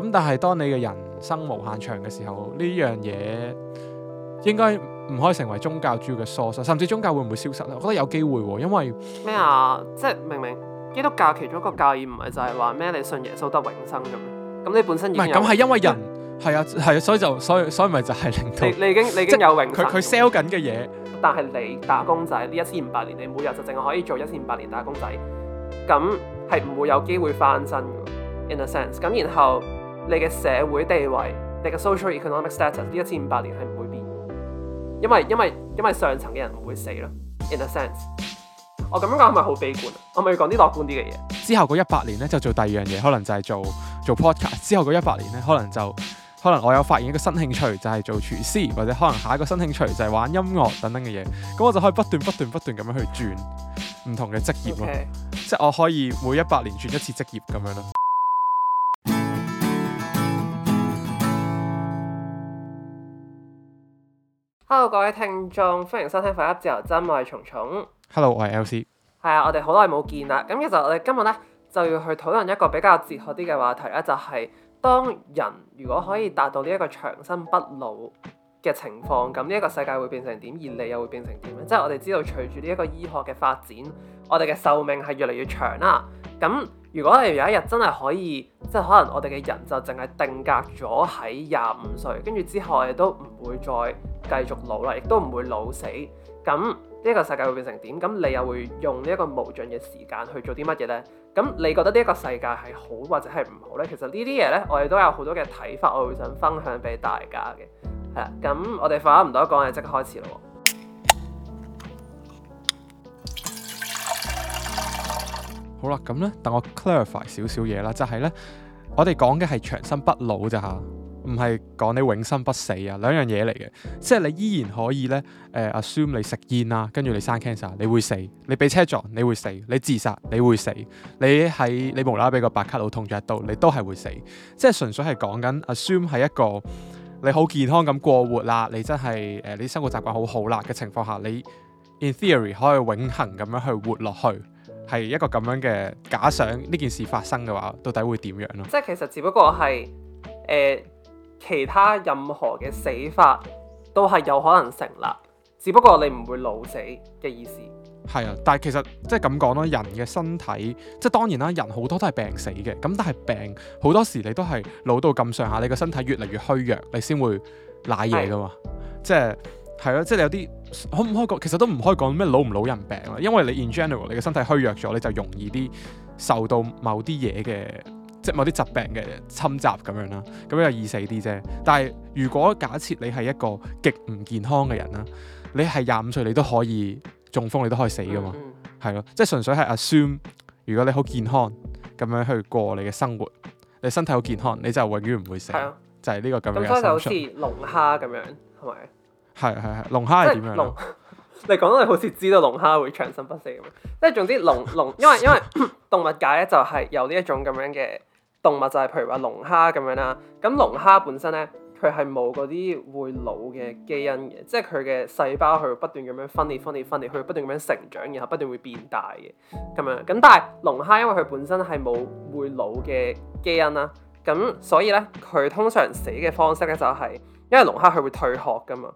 咁但係當你嘅人生無限長嘅時候，呢樣嘢應該唔可以成為宗教主要嘅疏失，甚至宗教會唔會消失咧？我覺得有機會喎，因為咩啊？即係明明基督教其中一個教義唔係就係話咩你信耶穌得永生咁？咁你本身唔係咁係因為人係啊係啊，所以就所以所以咪就係令到你你已經你已經有永生，佢佢 sell 緊嘅嘢，但係你打工仔呢一千五百年，你每日就淨係可以做一千五百年打工仔，咁係唔會有機會翻身嘅？In a sense，咁然後。你嘅社會地位，你嘅 social economic status，呢一千五百年係唔會變，因為因為因為上層嘅人唔會死咯。In a sense，我咁樣講係咪好悲觀？我咪要講啲樂觀啲嘅嘢。之後嗰一百年咧就做第二樣嘢，可能就係做做 podcast。之後嗰一百年咧，可能就可能我有發現一個新興趣，就係做廚師，或者可能下一個新興趣就係玩音樂等等嘅嘢。咁我就可以不斷不斷不斷咁樣去轉唔同嘅職業咯，Okay. 即係我可以每一百年轉一次職業咁樣咯。hello 各位聽眾，歡迎收聽《快一自由真愛蟲蟲》我係蟲蟲。hello，我係 L C。係啊，我哋好耐冇見啦。咁其實我哋今日咧就要去討論一個比較哲學啲嘅話題啦，就係、是、當人如果可以達到呢一個長生不老嘅情況，咁呢一個世界會變成點？而你又會變成點咧？即係我哋知道，隨住呢一個醫學嘅發展，我哋嘅壽命係越嚟越長啦。咁如果係有一日真係可以，即係可能我哋嘅人就淨係定格咗喺廿五歲，跟住之後亦都唔會再繼續老啦，亦都唔會老死。咁呢一個世界會變成點？咁你又會用呢一個無盡嘅時間去做啲乜嘢呢？咁你覺得呢一個世界係好或者係唔好呢？其實呢啲嘢呢，我哋都有好多嘅睇法，我會想分享俾大家嘅。係啦，咁我哋廢話唔多講嘢，即刻開始咯。好啦，咁呢，等我 clarify 少少嘢啦，就係呢，我哋講嘅係長生不老咋。唔係講你永生不死啊，兩樣嘢嚟嘅，即係你依然可以呢。誒、呃、assume 你食煙啦，跟住你生 cancer，你會死；你俾車撞，你會死；你自殺，你會死；你喺你無啦啦俾個白卡佬捅咗一刀，你都係會死。即係純粹係講緊 assume 係一個你好健康咁過活啦，你真係誒啲生活習慣好好啦嘅情況下，你 in theory 可以永恆咁樣去活落去，係一個咁樣嘅假想。呢件事發生嘅話，到底會點樣咯，啊？即係其實只不過係誒。呃其他任何嘅死法都係有可能成立，只不過你唔會老死嘅意思。係啊，但係其實即係咁講咯，人嘅身體即係當然啦，人好多都係病死嘅，咁但係病好多時你都係老到咁上下，你嘅身體越嚟越虛弱，你先會瀨嘢㗎嘛。是即係係咯，即係你有啲可唔可以講，其實都唔可以講咩老唔老人病啊，因為你 in general 你嘅身體虛弱咗，你就容易啲受到某啲嘢嘅。即某啲疾病嘅侵襲咁樣啦，咁樣又易死啲啫。但係如果假設你係一個極唔健康嘅人啦，你係廿五歲，你都可以中風，你都可以死噶嘛。係咯、嗯嗯，即純粹係 assume，如果你好健康咁樣去過你嘅生活，你身體好健康，你就永遠唔會死。啊、就係呢個咁樣嘅。咁所以就好似龍蝦咁樣，係咪？係係係，龍蝦係點樣？龍 你講到你好似知道龍蝦會長生不死咁，即係總之龍龍，因為因為 動物界咧就係有呢一種咁樣嘅。動物就係譬如話龍蝦咁樣啦，咁龍蝦本身咧，佢係冇嗰啲會老嘅基因嘅，即係佢嘅細胞佢不斷咁樣分裂分裂分裂，佢不斷咁樣成長，然後不斷會變大嘅咁樣。咁但係龍蝦因為佢本身係冇會老嘅基因啦，咁所以咧佢通常死嘅方式咧就係、是、因為龍蝦佢會退殼噶嘛，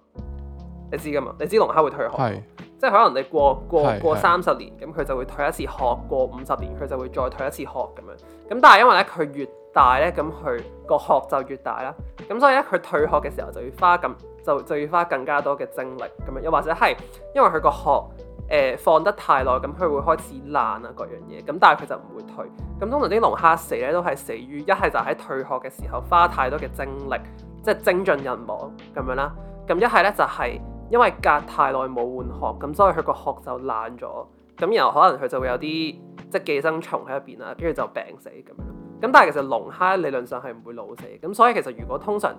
你知噶嘛？你知龍蝦會退殼係。即係可能你過過過三十年，咁佢的就會退一次殼；過五十年，佢就會再退一次殼咁樣。咁但係因為咧，佢越大咧，咁佢個殼就越大啦。咁所以咧，佢退殼嘅時候就要花更就就要花更加多嘅精力咁樣。又或者係因為佢個殼誒、呃、放得太耐，咁佢會開始爛啊各樣嘢。咁但係佢就唔會退。咁通常啲龍蝦死咧都係死於一係就喺退殼嘅時候花太多嘅精力，即係精盡人亡咁樣啦。咁一係咧就係、是。因為隔太耐冇換殼，咁所以佢個殼就爛咗。咁然後可能佢就會有啲即寄生蟲喺入邊啦，跟住就病死咁樣。咁但係其實龍蝦理論上係唔會老死嘅。咁所以其實如果通常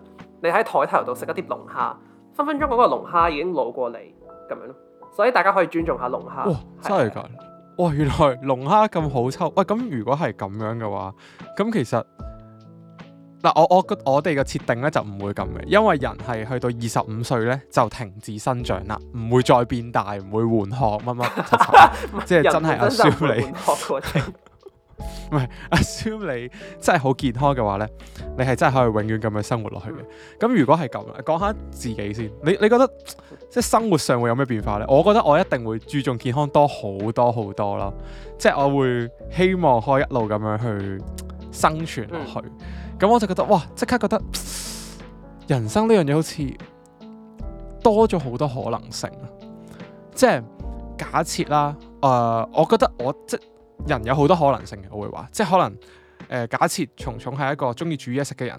你喺台頭度食一啲龍蝦，分分鐘嗰個龍蝦已經老過你咁樣咯。所以大家可以尊重下龍蝦。哇！真係㗎！是哇！原來龍蝦咁好抽喂。咁如果係咁樣嘅話，咁其實。嗱，我我個我哋嘅設定咧，就唔會咁嘅，因為人係去到二十五歲咧，就停止生長啦，唔會再變大，唔會換殼乜乜，乜乜 即係真係假設你，唔係假設你真係好健康嘅話咧，你係真係可以永遠咁樣生活落去嘅。咁、嗯、如果係咁，講下自己先，你你覺得即係生活上會有咩變化咧？我覺得我一定會注重健康多好多好多咯，即係我會希望可以一路咁樣去生存落去。嗯咁我就覺得哇，即刻覺得人生呢樣嘢好似多咗好多可能性。即係假設啦，誒、呃,我覺得我即人有好多可能性嘅。我會話，即係可能誒、呃，假設蟲蟲係一個中意煮嘢食嘅人，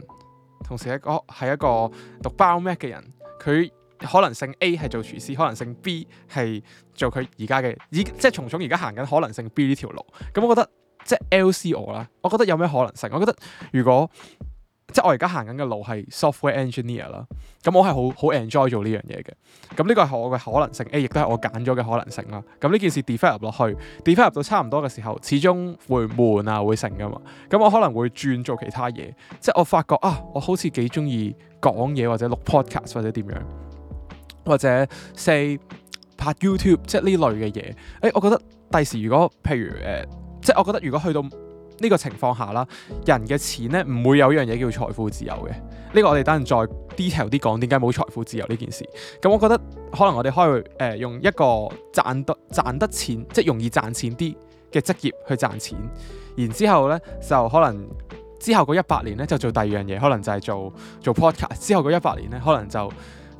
同時一個係一個讀包咩嘅人，佢可能性 A 係做廚師，可能性 B 係做佢而家嘅，以即係蟲蟲而家行緊可能性 B 呢條路。咁我覺得。即係 LC 我啦，我覺得有咩可能性？我覺得如果即係我而家行緊嘅路係 software engineer 啦，咁我係好好 enjoy 做呢樣嘢嘅。咁呢個係我嘅可能性，誒、哎,亦都係我揀咗嘅可能性啦。咁呢件事 develop 入落去，develop 入到差唔多嘅時候，始終會悶啊，會成噶嘛。咁我可能會轉做其他嘢，即係我發覺啊，我好似幾中意講嘢或者錄 podcast 或者點樣，或者 say 拍 YouTube 即係呢類嘅嘢。誒、哎，我覺得第時如果譬如誒。呃即係我覺得如果去到呢個情況下啦，人嘅錢呢唔會有一樣嘢叫財富自由嘅。呢、呢個我哋等陣再 detail 啲講點解冇財富自由呢件事。咁、嗯、我覺得可能我哋可以、呃、用一個賺得賺得錢，即係容易賺錢啲嘅職業去賺錢。然之後咧就可能之後嗰一百年呢，就做第二樣嘢，可能就係做做 podcast。之後嗰一百年呢，可能就。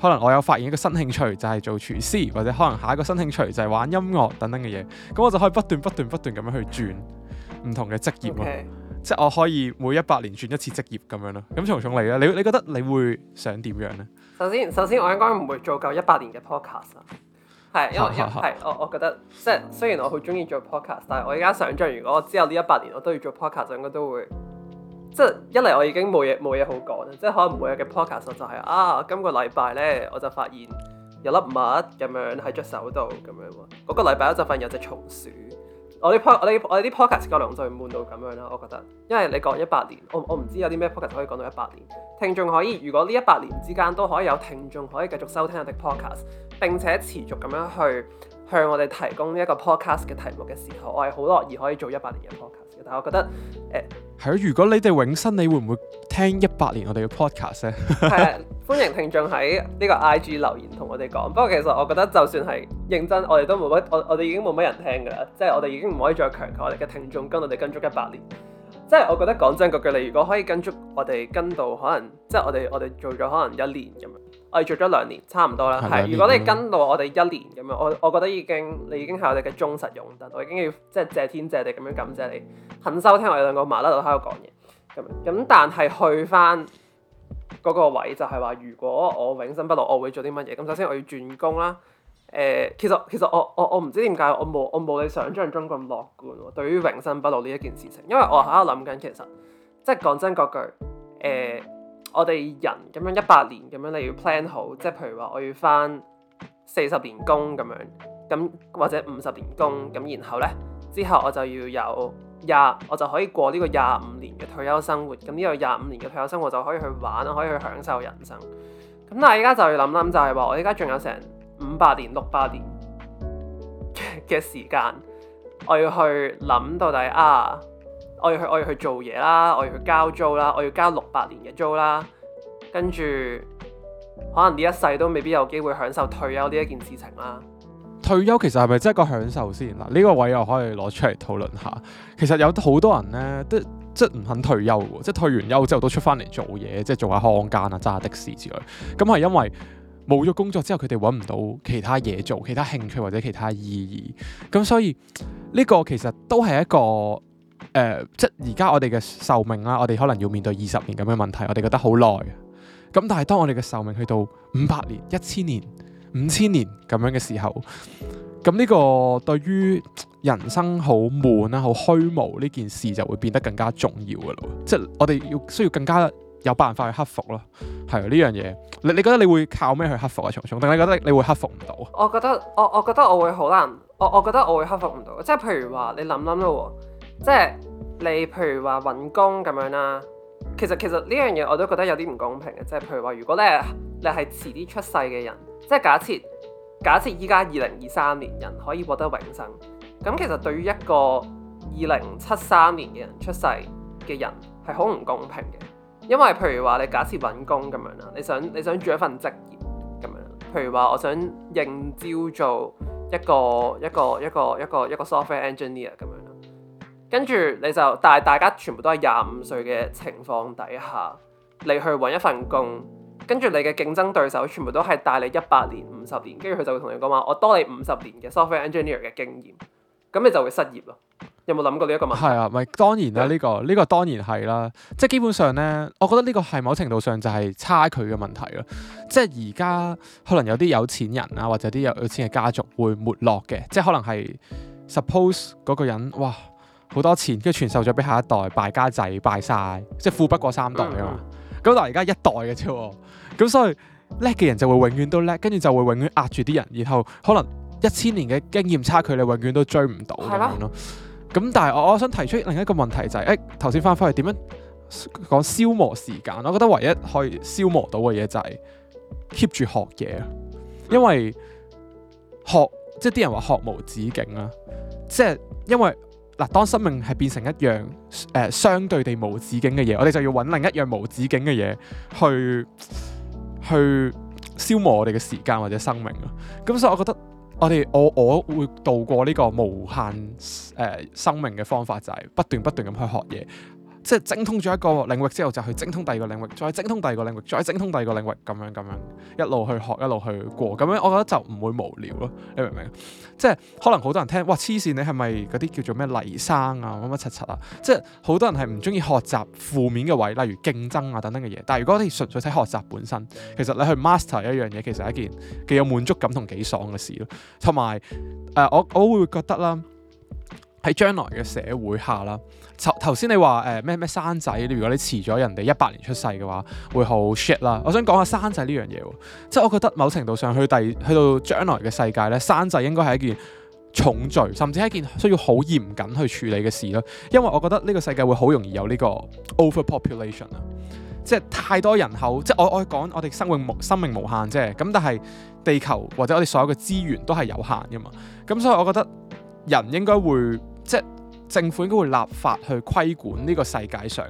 可能我有發現一個新興趣，就係做廚師，或者可能下一個新興趣就係玩音樂等等嘅嘢。咁我就可以不斷不斷不斷咁樣去轉唔同嘅職業咯。Okay. 即係我可以每一百年轉一次職業咁樣咯。咁蟲蟲嚟咧，你你覺得你會想點樣呢？首先首先我應該唔會做夠一百年嘅 podcast，係因為係 我我覺得，即係雖然我好中意做 podcast，但係我而家想像如果我之後呢一百年我都要做 podcast，就應該都會。即係一嚟，我已經冇嘢冇嘢好講，即係可能每日嘅 podcast 就係、是、啊，今個禮拜咧我就發現有粒物咁樣喺隻手度咁樣喎。嗰、那個禮拜我就發現有隻松鼠。我啲 pod cast，我啲我哋啲 podcast 夠長就悶到咁樣啦，我覺得。因為你講一百年，我我唔知有啲咩 podcast 可以講到一百年。聽眾可以，如果呢一百年之間都可以有聽眾可以繼續收聽我哋 podcast，並且持續咁樣去。向我哋提供呢個 podcast 嘅題目嘅時候，我係好樂意可以做一百年嘅 podcast 嘅。但係我覺得，誒、欸、係如果你哋永生，你會唔會聽一百年我哋嘅 podcast 咧？係 啊，歡迎聽眾喺呢個 IG 留言同我哋講。不過其實我覺得，就算係認真，我哋都冇乜，我我哋已經冇乜人聽㗎啦。即、就、係、是、我哋已經唔可以再強求我哋嘅聽眾跟我哋跟足一百年。即、就、係、是、我覺得講真嗰句，你如果可以跟足我哋跟到，可能即係、就是、我哋我哋做咗可能一年咁樣。我係做咗兩年，差唔多啦。係，兩年。如果你跟到我哋一年咁樣，我我覺得已經你已經係我哋嘅忠實擁躉，我已經要即係謝天謝地咁樣感謝你。肯收聽我哋兩個麻甩佬喺度講嘢咁，咁但係去翻嗰個位就係話，如果我永生不老，我會做啲乜嘢？咁首先我要轉工啦。誒，其實其實我我我唔知點解，我冇我冇你想象中咁樂觀喎。對於永生不老呢一件事情，因為我喺度諗緊，其實即係講真嗰句誒。呃我哋人咁樣一百年咁樣，你要 plan 好，即係譬如話，我要翻四十年工咁樣，咁或者五十年工，咁然後呢，之後我就要有廿，我就可以過呢個廿五年嘅退休生活。咁呢個廿五年嘅退休生活就可以去玩，可以去享受人生。咁但係而家就要諗諗就係話，我而家仲有成五百年、六百年嘅時間，我要去諗到底啊！我要去，我要去做嘢啦。我要去交租啦。我要交六百年嘅租啦。跟住可能呢一世都未必有機會享受退休呢一件事情啦。退休其實係咪真係一個享受先嗱？呢個位又可以攞出嚟討論下。其實有好多人呢，都即係唔肯退休嘅，即係退完休之後都出翻嚟做嘢，即係做下看更啊，揸的士之類。咁係因為冇咗工作之後，佢哋揾唔到其他嘢做，其他興趣或者其他意義。咁所以呢個其實都係一個。誒、呃，即係而家我哋嘅壽命啦、啊，我哋可能要面對二十年咁嘅問題，我哋覺得好耐。咁但係當我哋嘅壽命去到五百年、一千年、五千年咁樣嘅時候，咁呢個對於人生好悶啊、好虛無呢件事就會變得更加重要嘅咯。即係我哋要需要更加有辦法去克服咯。係啊，呢樣嘢，你你覺得你會靠咩去克服啊？蟲蟲，定你覺得你會克服唔到？我覺得我我覺得我會好難，我我覺得我會克服唔到。即係譬如話你諗諗咯。即係你，譬如話搵工咁樣啦，其實其實呢樣嘢我都覺得有啲唔公平嘅。即係譬如話如果咧你係遲啲出世嘅人，即係假設假設依家二零二三年人可以獲得永生，咁其實對於一個二零七三年嘅人出世嘅人係好唔公平嘅，因為譬如話你假設搵工咁樣啦，你想你想做一份職業咁樣，譬如話我想應招做一個一個一個一個一個一個 software engineer 咁樣。跟住你就，但係大家全部都係廿五歲嘅情況底下，你去揾一份工，跟住你嘅競爭對手全部都係大你一百年、五十年，跟住佢就會同你講話：我多你五十年嘅 software engineer 嘅經驗，咁你就會失業咯。有冇諗過呢一個問題？係啊，唔係當然啦，呢、嗯這個呢、這個當然係啦，即係基本上呢，我覺得呢個係某程度上就係差距嘅問題咯。即係而家可能有啲有錢人啊，或者啲有有錢嘅家族會沒落嘅，即係可能係 suppose 嗰個人哇。好多錢，跟住傳授咗俾下一代，敗家仔敗晒，即係富不過三代啊嘛。咁、嗯、但係而家一代嘅啫，咁所以叻嘅人就會永遠都叻，跟住就會永遠壓住啲人，然後可能一千年嘅經驗差距，你永遠都追唔到咯。咁吧但係我我想提出另一個問題就係誒頭先翻返去點樣講消磨時間？我覺得唯一可以消磨到嘅嘢就係 keep 住學嘢，因為學即係啲人話學無止境啊，即係因為。嗱，當生命係變成一樣誒、呃、相對地無止境嘅嘢，我哋就要揾另一樣無止境嘅嘢去去消磨我哋嘅時間或者生命咯。咁、嗯、所以我覺得我哋我我會度過呢個無限誒、呃、生命嘅方法就係、是、不斷不斷咁去學嘢。即係精通咗一個領域之後，就去精通第二個領域，再精通第二個領域，再精通第二個領域，咁樣咁樣一路去學，一路去過，咁樣我覺得就唔會無聊咯。你明唔明？即係可能好多人聽，哇黐線，你係咪嗰啲叫做咩黎生啊乜乜柒柒啊？即係好多人係唔中意學習負面嘅位，例如競爭啊等等嘅嘢。但係如果你純粹睇學習本身，其實你去 master 一樣嘢，其實係一件幾有滿足感同幾爽嘅事咯。同埋誒，我我會覺得啦。喺將來嘅社會下啦，頭頭先你話誒咩咩生仔，如果你遲咗人哋一百年出世嘅話，會好 shit 啦。我想講下生仔呢樣嘢，即係我覺得某程度上去第去到將來嘅世界呢，生仔應該係一件重罪，甚至係一件需要好嚴謹去處理嘅事咯。因為我覺得呢個世界會好容易有呢個 overpopulation 啊，即係太多人口，即係我我講我哋生命無生命無限，啫。係咁，但係地球或者我哋所有嘅資源都係有限噶嘛，咁所以我覺得人應該會。即政府應該會立法去規管呢個世界上，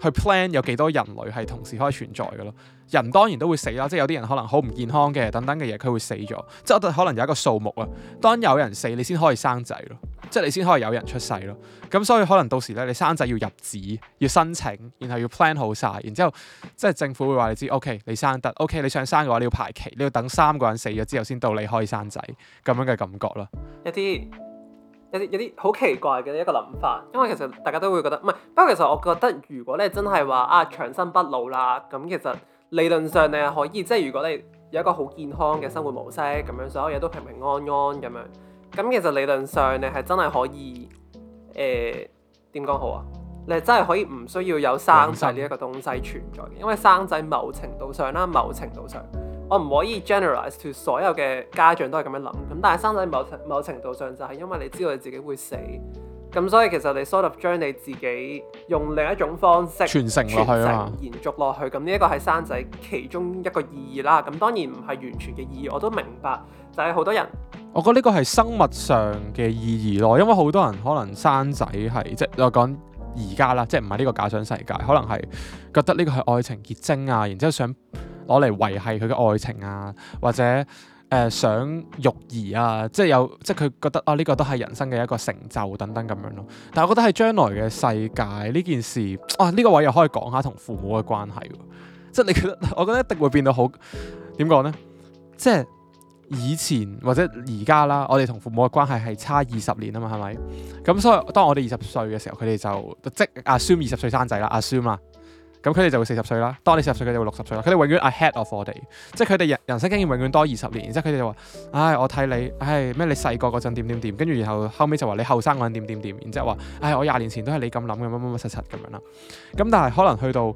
去 plan 有幾多人類係同時可以存在嘅咯。人當然都會死啦，即係有啲人可能好唔健康嘅等等嘅嘢，佢會死咗。即係可能有一個數目啊。當有人死，你先可以生仔咯。即係你先可以有人出世咯。咁所以可能到時咧，你生仔要入紙，要申請，然後要 plan 好晒，然之後即係政府會話你知，OK，你生得，OK，你想生嘅話你要排期，你要等三個人死咗之後先到你可以生仔咁樣嘅感覺咯。一啲。 有啲好奇怪嘅一個諗法，因為其實大家都會覺得唔係，不過其實我覺得如果你真係話啊長生不老啦，咁其實理論上你係可以，即係如果你有一個好健康嘅生活模式，咁樣所有嘢都平平安安咁樣，咁其實理論上你係真係可以，誒，點講好啊？你真係可以唔需要有生仔呢一個東西存在嘅，因為生仔某程度上啦，某程度上。我唔可以 generalize to 所有嘅家長都係咁樣諗，咁但係生仔某程某程度上就係因為你知道你自己會死，咁所以其實你 sort of 將你自己用另一種方式傳承落去延續落去，咁呢一個係生仔其中一個意義啦。咁當然唔係完全嘅意義，我都明白，就係、是、好多人，我覺得呢個係生物上嘅意義咯，因為好多人可能生仔係即係我講而家啦，即係唔係呢個假想世界，可能係覺得呢個係愛情結晶啊，然之後想。攞嚟維繫佢嘅愛情啊，或者誒、呃、想育兒啊，即係有即係佢覺得啊，呢、這個都係人生嘅一個成就等等咁樣咯。但係我覺得喺將來嘅世界呢件事，哇、啊！呢、這個位又可以講下同父母嘅關係，啊，即係你覺得我覺得一定會變到好點講呢？即係以前或者而家啦，我哋同父母嘅關係係差二十年啊嘛，係咪？咁所以當我哋二十歲嘅時候，佢哋就即 assume 二十歲生仔啦，assume 啦。咁佢哋就會四十歲啦，當你四十歲，佢哋會六十歲啦。佢哋永遠 ahead of 我哋，即係佢哋人人生經驗永遠多二十年。然之後佢哋就話：唉、哎，我睇你，唉、哎、咩？你細個嗰陣點點點，跟住然後後尾就話你後生嗰陣點點點。然之後話：唉、哎，我廿年前都係你咁諗嘅，乜乜乜七七咁樣啦。咁、嗯、但係可能去到，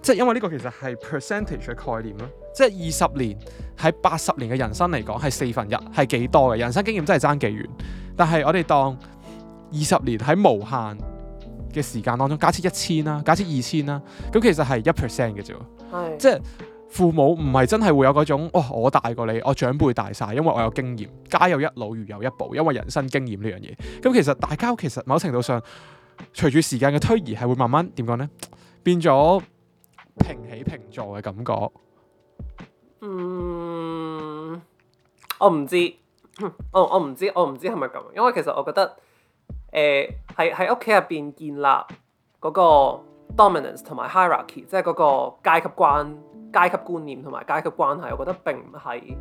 即係因為呢個其實係 percentage 嘅概念咯。即係二十年喺八十年嘅人生嚟講係四分一，係幾多嘅人生經驗真係爭幾遠。但係我哋當二十年喺無限。嘅時間當中，假設一千啦、啊，假設二千啦、啊，咁其實係一 percent 嘅啫，是即父母唔係真係會有嗰種、哦、我大過你，我長輩大晒，因為我有經驗，家有一老如有一寶，因為人生經驗呢樣嘢，咁其實大家其實某程度上，隨住時間嘅推移，係會慢慢點講呢？變咗平起平坐嘅感覺。嗯，我唔知 我，我我唔知，我唔知係咪咁，因為其實我覺得。誒係喺屋企入邊建立嗰個 dominance 同埋 hierarchy，即係嗰個階級關階級觀念同埋階級關係，我覺得並唔係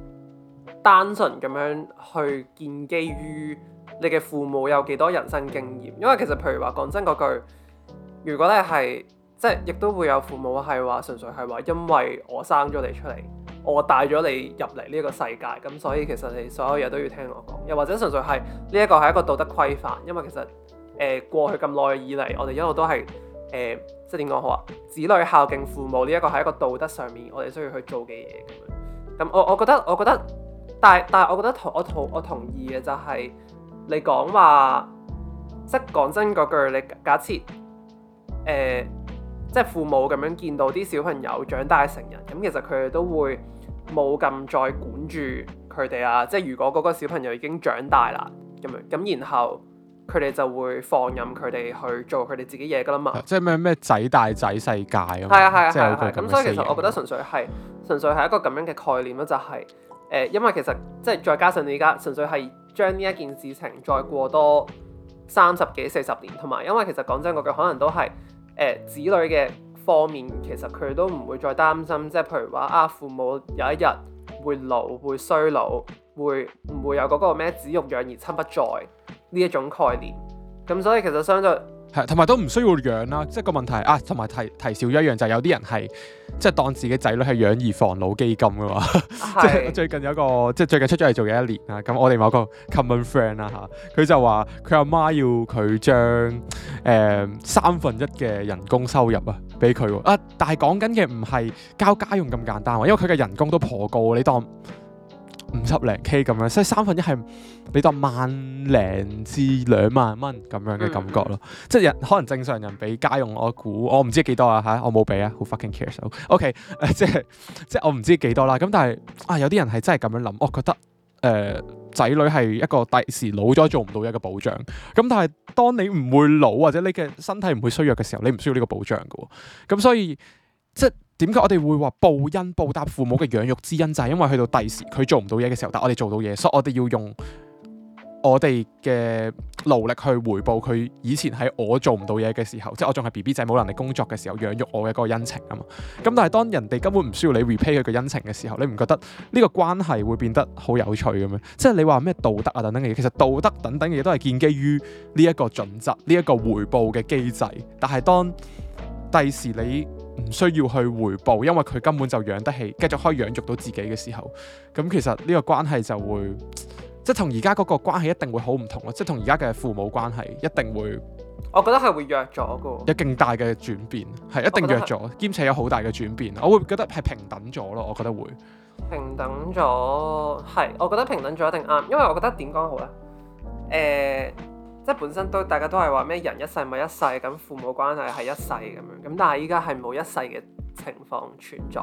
單純咁樣去建基於你嘅父母有幾多人生經驗，因為其實譬如話講真嗰句，如果你係即係亦都會有父母係話純粹係話因為我生咗你出嚟。我帶咗你入嚟呢一個世界，咁所以其實你所有嘢都要聽我講，又或者純粹係呢一個係一個道德規範，因為其實誒、呃、過去咁耐以嚟，我哋一路都係誒、呃、即係點講好啊？子女孝敬父母呢一個係一個道德上面我哋需要去做嘅嘢咁樣。咁我我覺得我覺得，但係但係我覺得同我同我同意嘅就係、是、你講話，即係講真嗰句，你假設誒。呃即係父母咁樣見到啲小朋友長大成人，咁其實佢哋都會冇咁再管住佢哋啊！即係如果嗰個小朋友已經長大啦，咁樣咁，然後佢哋就會放任佢哋去做佢哋自己嘢噶啦嘛！即係咩咩仔大仔世界啊？係啊係啊係啊！咁、啊啊、所以其實我覺得純粹係純粹係一個咁樣嘅概念咯、就係，就係誒，因為其實即係再加上你而家純粹係將呢一件事情再過多三十幾四十年，同埋因為其實講真嗰句，可能都係。呃、子女嘅方面，其實佢都唔會再擔心，即係譬如話啊，父母有一日會老，會衰老，會唔會有嗰個咩「子欲養而親不在」呢一種概念？咁所以其實相對。係，同埋都唔需要養啦、啊，即係個問題啊。同埋提提示一樣，就係、是、有啲人係即係當自己仔女係養兒防老基金嘅嘛。即係是 最近有個即係最近出咗嚟做嘢一年啊，咁我哋某個 common friend 啦、啊、嚇，佢、啊、就話佢阿媽要佢將誒三分一嘅人工收入啊俾佢喎啊，但係講緊嘅唔係交家用咁簡單喎、啊，因為佢嘅人工都頗高喎，你當？五十零 K 咁樣，所以三分一係俾到萬零至兩萬蚊咁樣嘅感覺咯。嗯嗯、即係可能正常人俾家用，我估我唔知幾多啊吓，我冇俾啊，好 fucking cares、so, OK，誒、呃、即係即係我唔知幾多啦。咁但係啊，有啲人係真係咁樣諗，我覺得誒仔、呃、女係一個第時老咗做唔到一個保障。咁但係當你唔會老或者你嘅身體唔會衰弱嘅時候，你唔需要呢個保障嘅喎、哦。咁所以即點解我哋會話報恩報答父母嘅養育之恩，就係、是、因為去到第時佢做唔到嘢嘅時候，但我哋做到嘢，所以我哋要用我哋嘅努力去回報佢以前喺我做唔到嘢嘅時候，即、就、係、是、我仲係 B B 仔冇能力工作嘅時候養育我嘅嗰個恩情啊嘛。咁但係當人哋根本唔需要你 repay 佢嘅恩情嘅時候，你唔覺得呢個關係會變得好有趣咁樣？即、就、係、是、你話咩道德啊等等嘅嘢，其實道德等等嘅嘢都係建基於呢一個準則、呢、這、一個回報嘅機制。但係當第時你。唔需要去回報，因為佢根本就養得起，繼續可以養育到自己嘅時候，咁其實呢個關係就會，即係同而家嗰個關係一定會好唔同咯，即係同而家嘅父母關係一定會，我覺得係會弱咗嘅，有勁大嘅轉變，係一定弱咗，兼且，且有好大嘅轉變，我會覺得係平等咗咯，我覺得會平等咗，係，我覺得平等咗一定啱，因為我覺得點講好咧，誒。即係本身都大家都係話咩人一世咪一世咁，父母關係係一世咁樣，咁，但係依家係冇一世嘅情況存在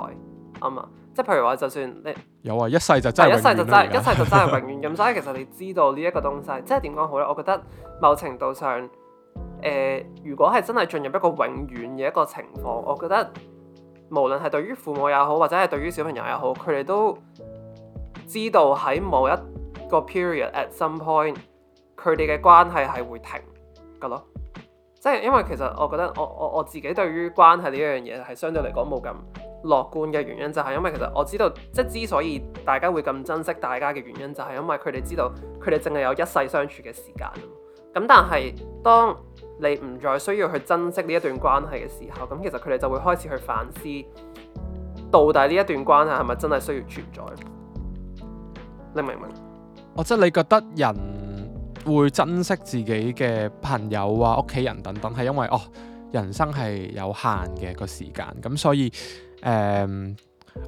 啊嘛！即係譬如話就算你有啊，一世就真係一世就真係 一世就真係永遠咁，所以其實你知道呢一個東西，即係點講好咧？我覺得某程度上，誒、呃、如果係真係進入一個永遠嘅一個情況，我覺得無論係對於父母又好，或者係對於小朋友又好，佢哋都知道喺某一個 period at some point。佢哋嘅關係係會停嘅咯，即係因為其實我覺得我我我自己對於關係呢一樣嘢係相對嚟講冇咁樂觀嘅原因，就係因為其實我知道即之所以大家會咁珍惜大家嘅原因，就係因為佢哋知道佢哋淨係有一世相處嘅時間。咁但係當你唔再需要去珍惜呢一段關係嘅時候，咁其實佢哋就會開始去反思，到底呢一段關係係咪真係需要存在？你明唔明？我即係你覺得人。會珍惜自己嘅朋友啊、屋企人等等，係因為哦，人生係有限嘅，個時間，咁所以誒、呃，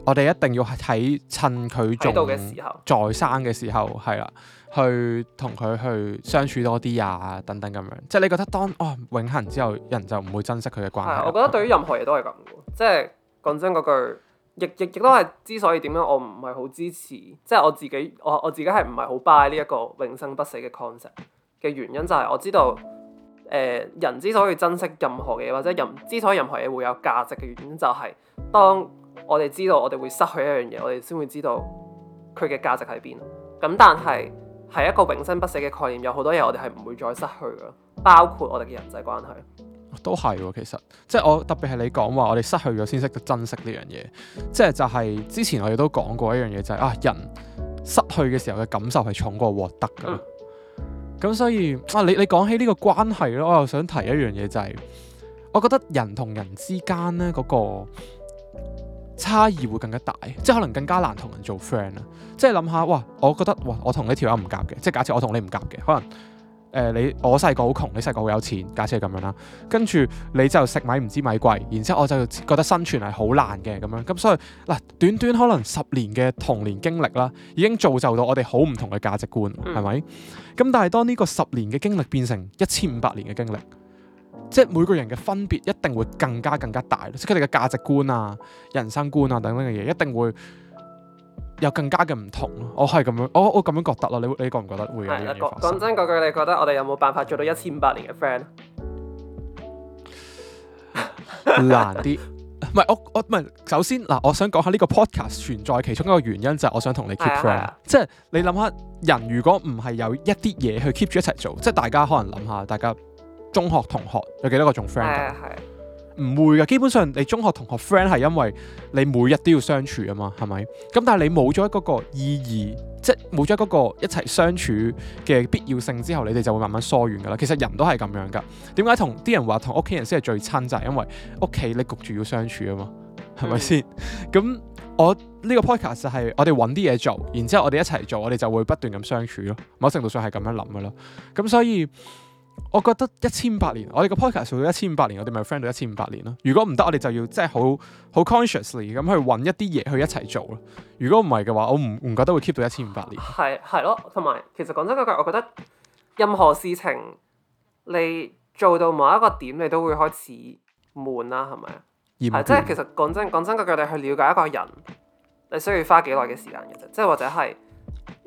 我哋一定要喺趁佢做嘅時候，再生嘅時候，係啦，去同佢去相處多啲啊，等等咁樣。即係你覺得當哦永恒之後，人就唔會珍惜佢嘅關係。係，我覺得對於任何嘢都係咁嘅，即係講真嗰句。亦亦亦都係之所以點樣，我唔係好支持，即係我自己，我我自己係唔係好 buy 呢一個永生不死嘅 concept 嘅原因就係我知道，誒人之所以珍惜任何嘢，或者人之所以任何嘢會有價值嘅原因，就係當我哋知道我哋會失去一樣嘢，我哋先會知道佢嘅價值喺邊。咁但係係一個永生不死嘅概念，有好多嘢我哋係唔會再失去嘅，包括我哋嘅人際關係。都係喎，其實即係我特別係你講話，我哋失去咗先識得珍惜呢樣嘢，即係就係之前我哋都講過一樣嘢，就係啊人失去嘅時候嘅感受係重過獲得㗎。咁所以啊，你你講起呢個關係咧，我又想提一樣嘢就係，我覺得人同人之間呢個差異會更加大，即係可能更加難同人做 friend 啦。即係諗下哇，我覺得哇，我同你條友唔夾嘅，即係假設我同你唔夾嘅，可能。誒、呃，你我細個好窮，你細個好有錢，假設係咁樣啦，跟住你就食米唔知米貴，然之後我就覺得生存係好難嘅咁樣，咁所以嗱、啊，短短可能十年嘅童年經歷啦，已經造就到我哋好唔同嘅價值觀，係咪、嗯？咁但係當呢個十年嘅經歷變成一千五百年嘅經歷，即係每個人嘅分別一定會更加更加大，即係佢哋嘅價值觀啊、人生觀啊等等嘅嘢，一定會。有更加嘅唔同，我係咁樣，哦、我我咁樣覺得咯。你你覺唔覺得會有呢樣，講真嗰句，你覺得我哋有冇辦法做到一千五百年嘅 friend？難啲，唔係 我我唔係首先嗱，我想講下呢個 podcast 存在其中一個原因就係我想同你 keep friend，啊啊、即係你諗下人如果唔係有一啲嘢去 keep 住一齊做，即係大家可能諗下，大家中學同學有幾多個仲 friend？唔會噶，基本上你中學同學 friend 係因為你每日都要相處啊嘛，係咪？咁但係你冇咗嗰個意義，即係冇咗嗰個一齊相處嘅必要性之後，你哋就會慢慢疏遠噶啦。其實人都係咁樣噶。點解同啲人話同屋企人先係最親？就係、是、因為屋企你焗住要相處啊嘛，係咪先？咁、嗯、 我呢、這個 podcast 就係我哋揾啲嘢做，然之後我哋一齊做，我哋就會不斷咁相處咯。某程度上係咁樣諗噶咯。咁所以。我覺得一千八年，我哋個 podcast 做到一千五百年，我哋咪 friend 到一千五百年咯。如果唔得，我哋就要即係好好 consciously 咁去搵一啲嘢，去一齊做咯。如果唔係嘅話，我唔唔覺得會 keep 到一千五百年。係係咯，同埋其實講真句，我覺得任何事情你做到某一個點，你都會開始悶啦，係咪？係嚴慕 即係其實講真講真句句，你去了解一個人，你需要花幾耐嘅時間嘅啫，即係或者係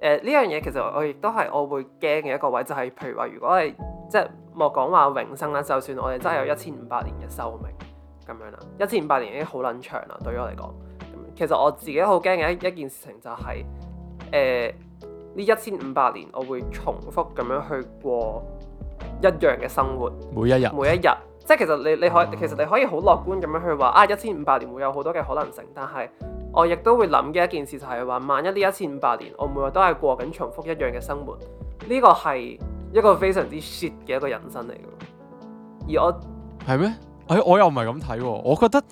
誒呢樣嘢，呃、其實我亦都係我會驚嘅一個位，就係、是、譬如話如果你……即係莫講話永生啦，就算我哋真係有一千五百年嘅壽命咁樣啦，一千五百年已經好捻長啦，對於我嚟講，其實我自己好驚嘅一一件事情就係誒呢一千五百年我會重複咁樣去過一樣嘅生活，每一日每一日，即係其實你你可以、嗯、其實你可以好樂觀咁樣去話啊一千五百年會有好多嘅可能性，但係我亦都會諗嘅一件事就係、是、話，萬一呢一千五百年我每日都係過緊重複一樣嘅生活，呢、這個係。一個非常之 shit 嘅一個人生嚟嘅，而我係咩？哎，我又唔係咁睇喎。我覺得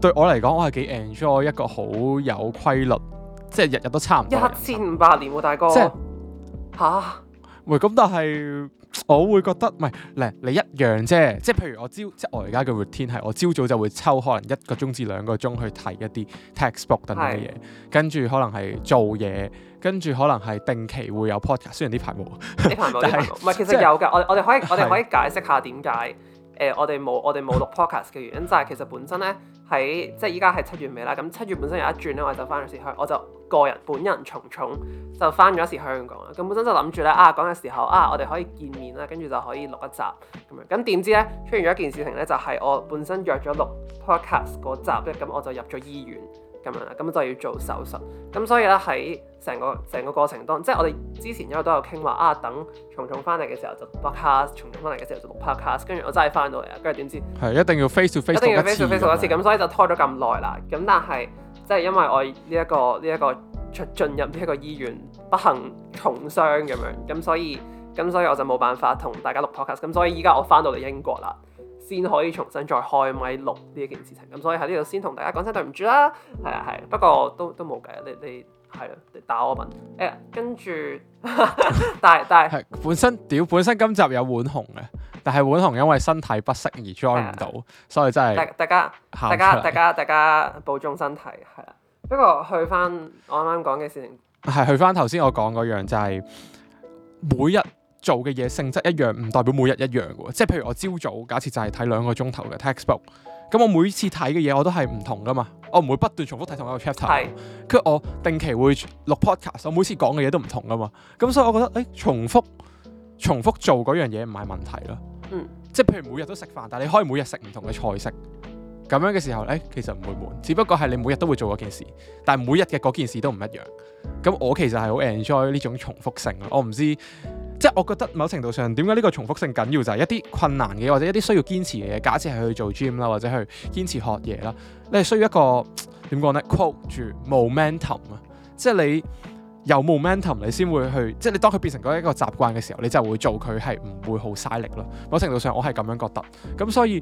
對我嚟講，我係幾 enjoy 一個好有規律，即係日日都差唔多一千五百年喎，啊，大哥。嚇是！喂，咁，但係我會覺得唔係，嗱，你一樣啫。即係譬如我朝，即係我而家嘅 routine 係，我朝早就會抽可能一個鐘至兩個鐘去睇一啲 textbook 等等嘅嘢，跟住的可能係做嘢。跟住可能係定期會有 podcast，雖然呢排冇，呢排冇，呢排冇。唔係，其實有㗎，我我哋可以，就係、我哋可以解釋下點解誒，我哋冇我哋冇錄 podcast 嘅原因， 就係其實本身咧喺即係依家係七月尾啦，咁七月本身有一轉咧，我就翻咗一次香，我就個人本人重重就翻咗一次香港啦。咁本身就諗住咧啊，講嘅時候啊，我哋可以見面啦，跟住就可以錄一集咁樣。咁點知咧出現咗一件事情咧，就係、係、我本身約咗錄 podcast 嗰集咧，咁我就入咗醫院。咁樣啦，咁就要做手術，咁所以咧喺成個成個過程當，即係我哋之前一路都有傾話啊，等蟲蟲翻嚟嘅時候就錄 podcast 蟲蟲翻嚟嘅時候就錄 podcast 跟住我真係翻到嚟啊，跟住點知係一定要 face to face，一定要 face to face 一次，咁樣所以就拖咗咁耐啦，咁但係即係因為我呢、呢、一個呢一、呢個進進入呢一個醫院不幸重傷咁樣，咁所以咁所以我就冇辦法同大家錄 podcast 咁所以依家我翻到嚟英國啦。先可以重新再開咪錄呢件事情，咁所以喺呢度先同大家講聲對唔住啦，係啊係、啊，不過都都冇計，你你係、啊、打我問，誒、哎、跟住， 但但是係 、啊、本身屌本身今集有碗紅嘅，但係碗紅因為身體不適而 join 唔到，啊、所以真係，大大家大家大家大家保重身體，係啊，不過去翻我啱啱講嘅事情，係、啊、去翻頭先我講嗰樣就係、是、每日。做嘅嘢性質一樣，唔代表每日一樣嘅喎。即係譬如我朝早，假設就係睇兩個鐘頭嘅 textbook，咁我每次睇嘅嘢我都係唔同噶嘛。我唔會不斷重複睇同一個 chapter。係是。跟住我定期會錄 podcast，我每次講嘅嘢都唔同噶嘛。咁所以我覺得，誒、欸，重複重複做嗰樣嘢唔係問題咯。嗯、即係譬如每日都食飯，但係你可以每日食唔同嘅菜式。咁樣嘅時候咧、欸，其實唔會悶，只不過係你每日都會做嗰件事，但係每日嘅嗰件事都唔一樣。咁我其實係好 enjoy 呢種重複性。我唔知。即係我覺得某程度上，點解呢個重複性緊要就係、是、一啲困難嘅或者一啲需要堅持嘅嘢，假設係去做 gym 啦，或者去堅持學嘢啦，你係需要一個點講呢 quote 住 momentum 啊，即係你有 momentum，你先會去，即係你當佢變成咗一個習慣嘅時候，你就會做佢，係唔會好嘥力咯。某程度上，我係咁樣覺得。咁所以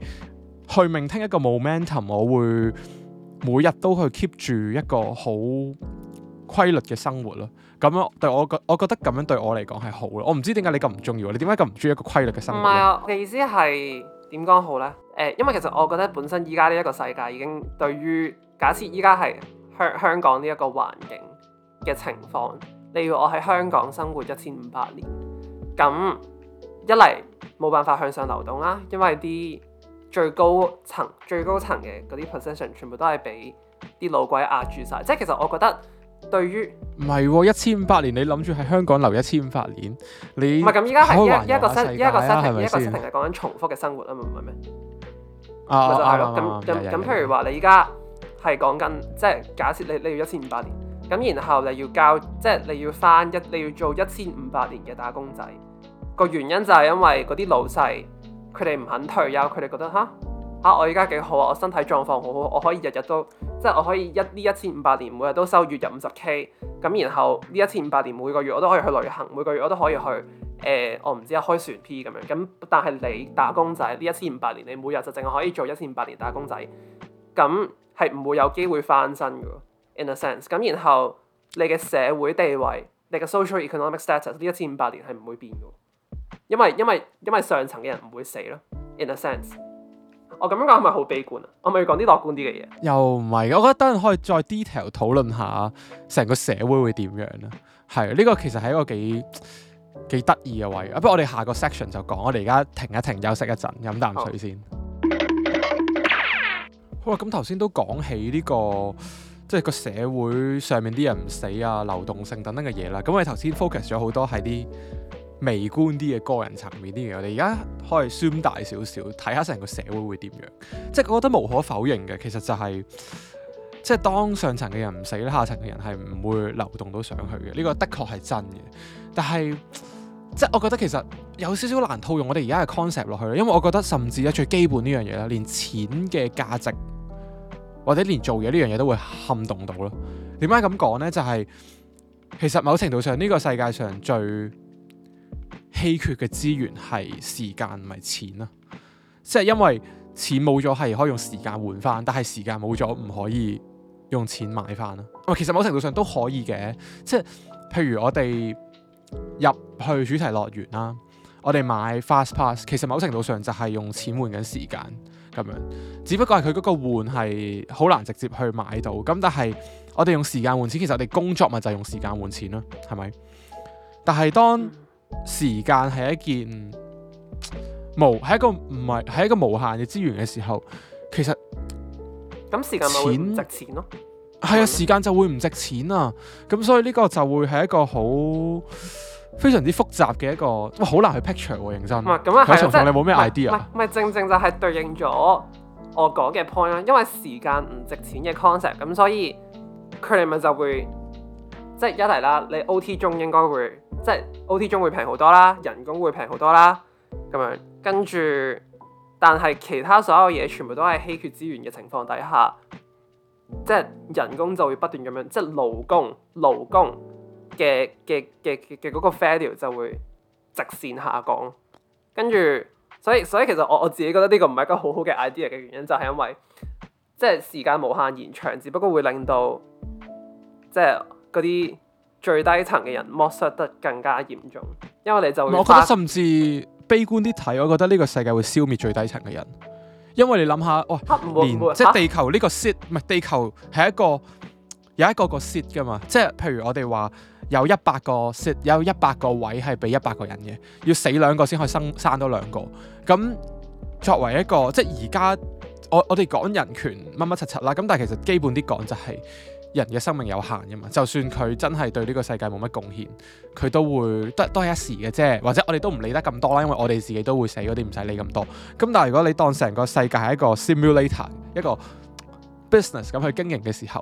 去聆聽一個 momentum，我會每日都去 keep 住一個好規律嘅生活咯。咁樣對我覺，我覺得咁樣對我嚟講係好咯。我唔知點解你咁唔重要，你點解咁唔中意一個規律嘅生活？唔係啊，我嘅意思係點講好咧？誒、呃，因為其實我覺得本身依家呢一個世界已經對於，假設依家係香香港呢一個環境嘅情況，例如我喺香港生活一千五百年，咁一嚟冇辦法向上流動啦，因為啲最高層最高層嘅嗰啲 position 全部都係俾啲老鬼壓住晒。即係其實我覺得。對於唔係一千五百年，你諗住喺香港留一千五百年，你唔係咁依家係一一個世一個一個世情係講緊重複嘅生活啊嘛，唔係咩？啊咁咁咁譬如話你依家係講緊即係假設你你要一千五百年，咁然後你要教，即係你要翻一你要做一千五百年嘅打工仔，個原因就係因為嗰啲老細佢哋唔肯退休，佢哋覺得吓，嚇，啊，我依家幾好啊，我身體狀況好好，我可以日日都。即係我可以一呢一千五百年每日都收月入五十 K，咁然後呢一千五百年每個月我都可以去旅行，每個月我都可以去誒、呃，我唔知開船 P 咁樣。咁但係你打工仔呢一千五百年，你每日就淨係可以做一千五百年打工仔，咁係唔會有機會翻身㗎喎。In a sense，咁然後你嘅社會地位、你嘅 social economic status 呢一千五百年係唔會變㗎，因為因為因為上層嘅人唔會死咯。In a sense。我咁樣講係咪好悲觀啊？我咪要講啲樂觀啲嘅嘢？又唔係，我覺得等陣可以再 detail 討論下成個社會會點樣咧。係呢個其實係一個幾幾得意嘅位。不過，我哋下個 section 就講。我哋而家停一停，休息一陣，飲啖水先。Oh. 好啦，咁頭先都講起呢個，即係個社會上面啲人唔死啊、流動性等等嘅嘢啦。咁我哋頭先 focus 咗好多係啲微觀啲嘅個人層面啲嘢，我哋而家可以 zoom 大少少，睇下成個社會會點樣。即係我覺得無可否認嘅，其實就係，即係當上層嘅人唔死，下層嘅人係唔會流動到上去嘅。呢個的確係真嘅。但係即係我覺得其實有少少難套用我哋而家嘅 concept 落去，因為我覺得甚至咧最基本呢樣嘢咧，連錢嘅價值或者連做嘢呢樣嘢都會撼動到咯。點解咁講呢？就係，其實某程度上呢個世界上最稀缺嘅資源係時間，唔係錢啦。即係因為錢冇咗，係可以用時間換翻，但係時間冇咗唔可以用錢買翻啦。其實某程度上都可以嘅。即係譬如我哋入去主題樂園啦，我哋買 fast pass，其實某程度上就係用錢換緊時間咁樣。只不過係佢嗰個換係好難直接去買到咁，但係我哋用時間換錢，其實我哋工作咪就係用時間換錢咯，係咪？但係當時間係一件無，係一個唔係，係一個無限嘅資源嘅時候，其實咁時間咪會唔值錢咯？係錢啊，時間就會唔值錢啊！咁所以呢個就會係一個好非常之複雜嘅一個，哇，好難去 picture 喎、啊，認真。唔係咁啊，喺床上你冇咩 idea 啊？唔、嗯、係、嗯、正正就係對應咗我講嘅 point 啦，因為時間唔值錢嘅 concept，咁所以佢哋咪就會。即係一嚟啦，你 OT 中應該會即係 OT 中會平好多啦，人工會平好多啦，咁樣跟住，但係其他所有嘢全部都係稀缺資源嘅情況底下，即係人工就會不斷咁樣，即係勞工勞工嘅嘅嘅嘅嗰個 value 就會直線下降，跟住所以所以其實我我自己覺得呢個唔係一個好好嘅 idea 嘅原因，就係、是、因為即係時間無限延長，只不過會令到即係。嗰啲最低層嘅人剝削得更加嚴重，因為你就會。我覺得甚至悲觀啲睇，我覺得呢個世界會消滅最低層嘅人，因為你諗下，喂，連即係地球呢個 sit 唔係地球係一個有一個個 sit 㗎嘛，即係譬如我哋話有一百個 sit 有一百個位係俾一百個人嘅，要死兩個先可以生生多兩個。咁作為一個即係而家我我哋講人權乜乜柒柒啦，咁但係其實基本啲講就係。人嘅生命有限啊嘛，就算佢真係對呢個世界冇乜貢獻，佢都會都都係一時嘅啫。或者我哋都唔理得咁多啦，因為我哋自己都會死，嗰啲唔使理咁多。咁但係如果你當成個世界係一個 simulator 一個 business 咁去經營嘅時候，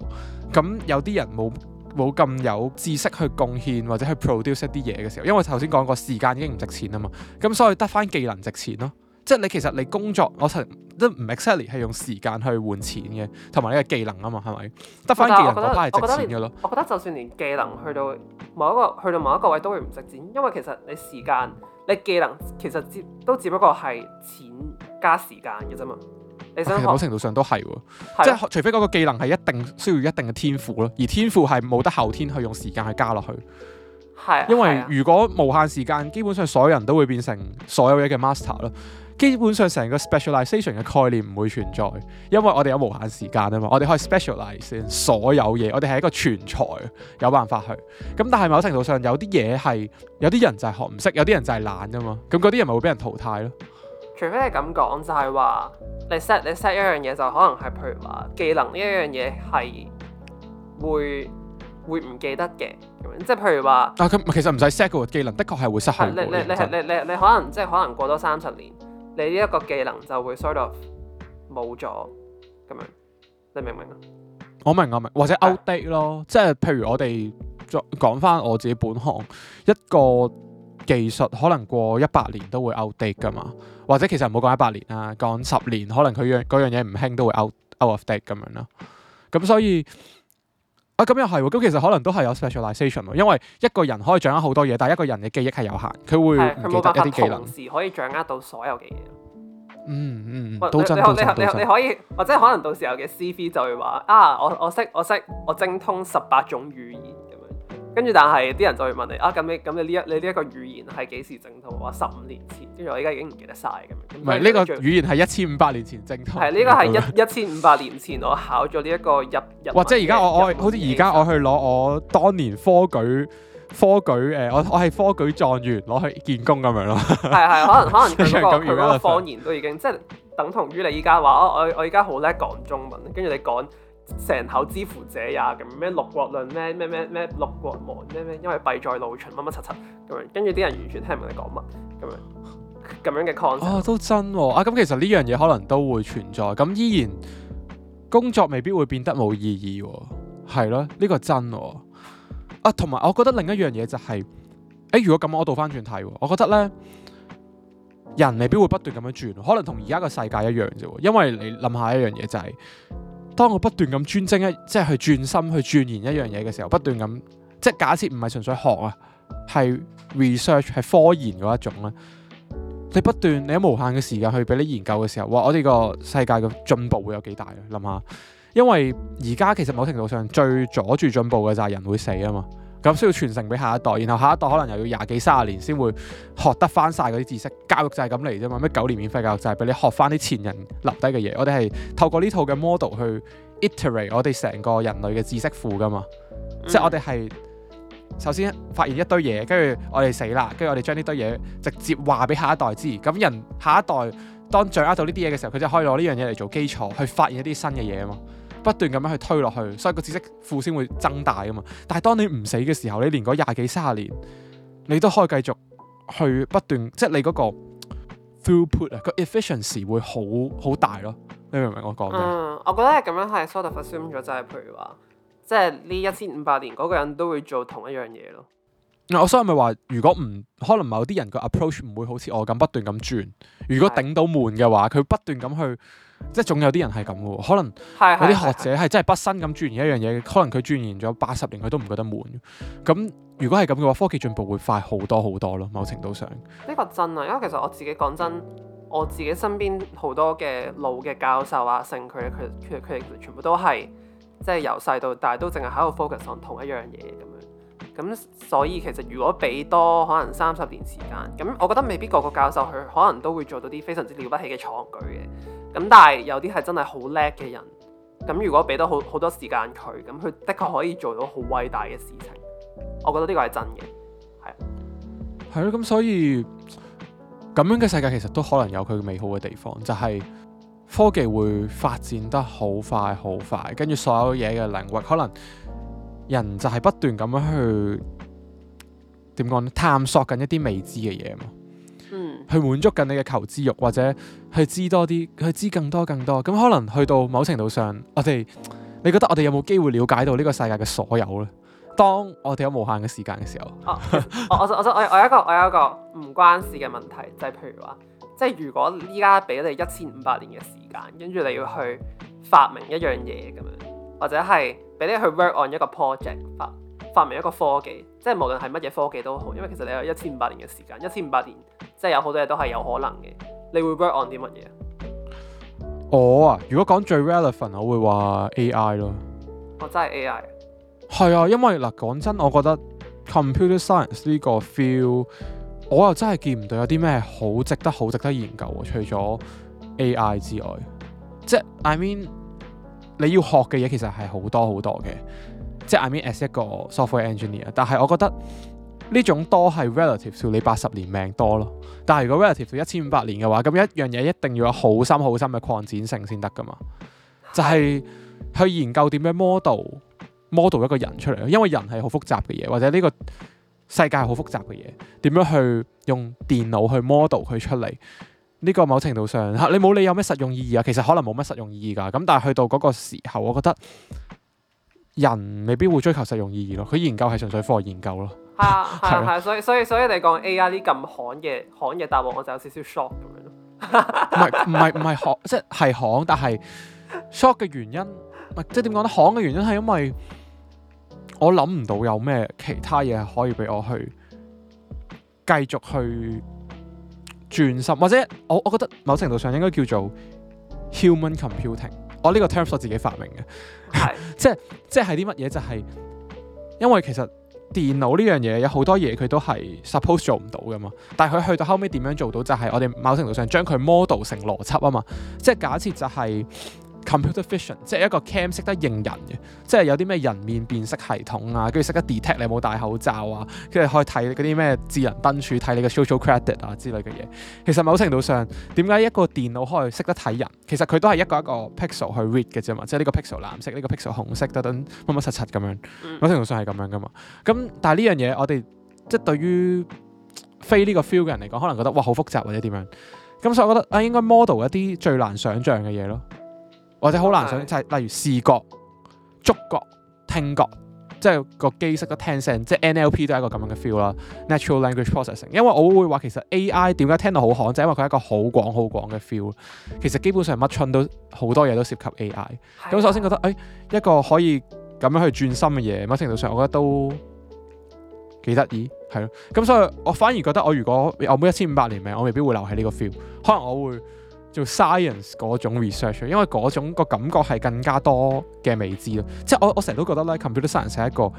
咁有啲人冇冇咁有知識去貢獻或者去 produce 啲嘢嘅時候，因為頭先講過時間已經唔值錢啊嘛，咁所以得翻技能值錢咯。即係你其實你工作，我成日都唔 exactly 係用時間去換錢嘅，同埋呢個技能啊嘛，係咪？得返技能就係值錢嘅咯、啊。我覺得就算連技能去到某一個去到某一個位都會唔值錢，因為其實你時間、你技能其實都只不過係錢加時間嘅啫嘛。其實某程度上都係，即係、啊、除非嗰個技能係一定需要一定嘅天賦咯，而天賦係冇得後天去用時間去加落去。係、啊。因為如果無限時間，基本上所有人都會變成所有嘢嘅 master 咯。基本上成個 specialization 嘅概念唔會存在，因為我哋有無限時間啊嘛，我哋可以 specialize 先所有嘢，我哋係一個全才，有辦法去。咁但係某程度上有，有啲嘢係有啲人就係學唔識，有啲人就係懶啊嘛，咁嗰啲人咪會俾人淘汰咯。除非係咁講，就係、係、話你 set 你 set 一樣嘢，就可能係譬如話技能呢一樣嘢係會會唔記得嘅咁樣，即係譬如話啊咁，其實唔使 set 嘅技能的確係會失效。係你你你係你你你，你，你可能即係、就係、可能過多三十年。你呢一個技能就會 sort of 冇咗咁樣，你明唔明啊？我明我明，或者 outdate 咯，即係譬如我哋再講返我自己本行一個技術，可能過一百年都會 outdate 㗎嘛，或者其實唔好講一百年啊，講十年，可能佢樣樣嘢唔興都會 out out of date 咁樣咯，咁所以。咁又係，咁、啊、其實可能都係有 specialization 喎，因為一個人可以掌握好多嘢，但係一個人嘅記憶係有限，佢會唔記得一啲技能。同時可以掌握到所有嘅嘢、嗯。嗯嗯，喂都真你你可以，或者可能到時候嘅 CV 就會話：啊，我我識我識我，我精通十八種語言。跟住，但係啲人就會問你啊，咁你咁你呢一你呢一個語言係幾時整套？我話十五年前，跟住我依家已經唔記得晒。咁樣。唔係呢個語言係一千五百年前整套。係呢、呢個係一一千五百年前我考咗呢一個入入。日哇！即係而家我我好似而家我去攞我當年科舉科舉誒、呃，我我係科舉狀元攞去建功咁樣咯。係係、嗯， 可能可能佢、佢個 個方言都已經即係等同於你依家話，我我我依家好叻講中文，跟住你講。成口之乎者也咁咩六國論咩咩咩咩六國亡咩咩因為弊在賂秦乜乜七七。咁樣，樣，跟住啲人完全聽唔明你講乜咁樣咁樣嘅抗啊都真、哦、啊咁、嗯、其實呢樣嘢可能都會存在，咁、嗯、依然工作未必會變得冇意義、哦，係咯呢個真、哦、啊同埋我覺得另一樣嘢就係、是、誒、欸、如果咁我倒翻轉睇，我覺得咧人未必會不斷咁樣轉，可能同而家個世界一樣啫，因為你諗下一樣嘢就係、是。當我不斷咁專精一，即係去專心去鑽研一樣嘢嘅時候，不斷咁，即係假設唔係純粹學啊，係 research 係科研嗰一種咧。你不斷你喺無限嘅時間去俾你研究嘅時候，哇！我哋個世界嘅進步會有幾大啊？諗下，因為而家其實某程度上最阻住進步嘅就係人會死啊嘛。咁需要傳承俾下一代，然後下一代可能又要廿幾三十年先會學得翻晒嗰啲知識。教育就係咁嚟啫嘛，咩九年免費教育就係俾你學翻啲前人留低嘅嘢。我哋係透過呢套嘅 model 去 iterate 我哋成個人類嘅知識庫噶嘛，嗯、即係我哋係首先發現一堆嘢，跟住我哋死啦，跟住我哋將呢堆嘢直接話俾下一代知。咁人下一代當掌握到呢啲嘢嘅時候，佢就可以攞呢樣嘢嚟做基礎，去發現一啲新嘅嘢啊嘛。不斷咁樣去推落去，所以個知識庫先會增大噶嘛。但係當你唔死嘅時候，你連嗰廿幾三十年，你都可以繼續去不斷，即係你嗰個 throughput 啊個 efficiency 會好好大咯。你明唔明我講？嗯，我覺得係咁樣係。sort of assume 咗就係，譬如話，即係呢一千五百年嗰個人都會做同一樣嘢咯。我所以咪話，如果唔可能某啲人個 approach 唔會好似我咁不斷咁轉。如果頂到悶嘅話，佢的不斷咁去。即係總有啲人係咁嘅喎，可能有啲學者係真係畢生咁鑽研一樣嘢，可能佢鑽研咗八十年，佢都唔覺得悶。咁如果係咁嘅話，科技進步會快好多好多咯，某程度上。呢個真啊，因為其實我自己講真，我自己身邊好多嘅老嘅教授啊、成佢啊，佢佢佢全部都係即係由細到大都淨係喺度 focus on 同一樣嘢咁樣。咁所以其實如果俾多可能三十年時間，咁我覺得未必個個教授佢可能都會做到啲非常之了不起嘅創舉嘅。咁但係有啲係真係好叻嘅人，咁如果俾多好好多時間佢，咁佢的確可以做到好偉大嘅事情。我覺得呢個係真嘅，係啊，係咯。咁所以咁樣嘅世界其實都可能有佢美好嘅地方，就係科技會發展得好快好快，跟住所有嘢嘅領域，可能人就係不斷咁樣去點講探索緊一啲未知嘅嘢。去滿足緊你嘅求知欲，或者去知多啲，去知更多更多。咁可能去到某程度上，我哋你覺得我哋有冇機會了解到呢個世界嘅所有呢？當我哋有無限嘅時間嘅時候，哦、 我我我我有一個我有一個唔關事嘅問題，就係、是、譬如話，即、就、係、是、如果依家俾你一千五百年嘅時間，跟住你要去發明一樣嘢咁樣，或者係俾你去 work on 一個 project，發發明一個科技，即、就、係、是、無論係乜嘢科技都好，因為其實你有一千五百年嘅時間，一千五百年。即係有好多嘢都係有可能嘅，你會 work on 啲乜嘢？我啊，oh, 如果講最 relevant，我會話 AI 咯。我、oh, 真係 AI。係啊，因為嗱，講真，我覺得 computer science 呢個 field，我又真係見唔到有啲咩好值得、好值得研究啊。除咗 AI 之外，即係 I mean 你要學嘅嘢其實係好多好多嘅。即係 I mean as 一個 software engineer，但係我覺得。呢種多係 relative to，你八十年命多咯。但係如果 relative to 一千五百年嘅話，咁一樣嘢一定要有好深好深嘅擴展性先得噶嘛。就係、是、去研究點樣 model，model model 一個人出嚟，因為人係好複雜嘅嘢，或者呢個世界好複雜嘅嘢。點樣去用電腦去 model 佢出嚟？呢、這個某程度上嚇你冇理由咩實用意義啊。其實可能冇乜實用意義㗎。咁但係去到嗰個時候，我覺得人未必會追求實用意義咯。佢研究係純粹科學研究咯。係啊，係啊,啊,啊,啊，所以所以所以你講 AR 啲咁旱嘅旱嘅答案，我就有少少 shock 咁樣咯。唔係唔係唔係旱， 即係旱，但係 shock 嘅原因，即係點講咧？旱嘅原因係因為我諗唔到有咩其他嘢可以俾我去繼續去鑽研，或者我我覺得某程度上應該叫做 human computing。我呢個 term 我自己發明嘅，係是 即係即係啲乜嘢？就係、是、因為其實。電腦呢樣嘢有好多嘢佢都係 suppose 做唔到噶嘛，但係佢去到後尾點樣做到，就係我哋某程度上將佢 model 成邏輯啊嘛。即係假設就係、是。computer vision 即係一個 cam 識得認人嘅，即係有啲咩人面辨識系統啊，跟住識得 detect 你有冇戴口罩啊，跟住可以睇嗰啲咩智能燈柱睇你嘅 social credit 啊之類嘅嘢。其實某程度上，點解一個電腦可以識得睇人，其實佢都係一個一個 pixel 去 read 嘅啫嘛，即係呢個 pixel 藍色，呢個 pixel 紅色，等等乜乜七七咁樣。某程度上係咁樣噶嘛。咁但係呢樣嘢，我哋即係對於非呢個 feel 嘅人嚟講，可能覺得哇好複雜或者點樣。咁所以，我覺得啊，應該 model 一啲最難想象嘅嘢咯。或者好難想，就係 Okay. 例如視覺、觸覺、聽覺，即係個機識得聽聲，即係 NLP 都係一個咁樣嘅 feel 啦。Natural language processing，因為我會話其實 AI 點解聽到好響，就係因為佢係一個好廣、好廣嘅 feel。其實基本上乜春都好多嘢都涉及 AI。咁 首樂先覺得，誒、欸、一個可以咁樣去轉心嘅嘢，某程度上我覺得都幾得意，係咯。咁所以，我反而覺得我如果我每一千五百年命，我未必會留喺呢個 feel。可能我會。做 science 嗰種 research，因為嗰種個感覺係更加多嘅未知咯。即係我我成日都覺得咧，computer science 係一個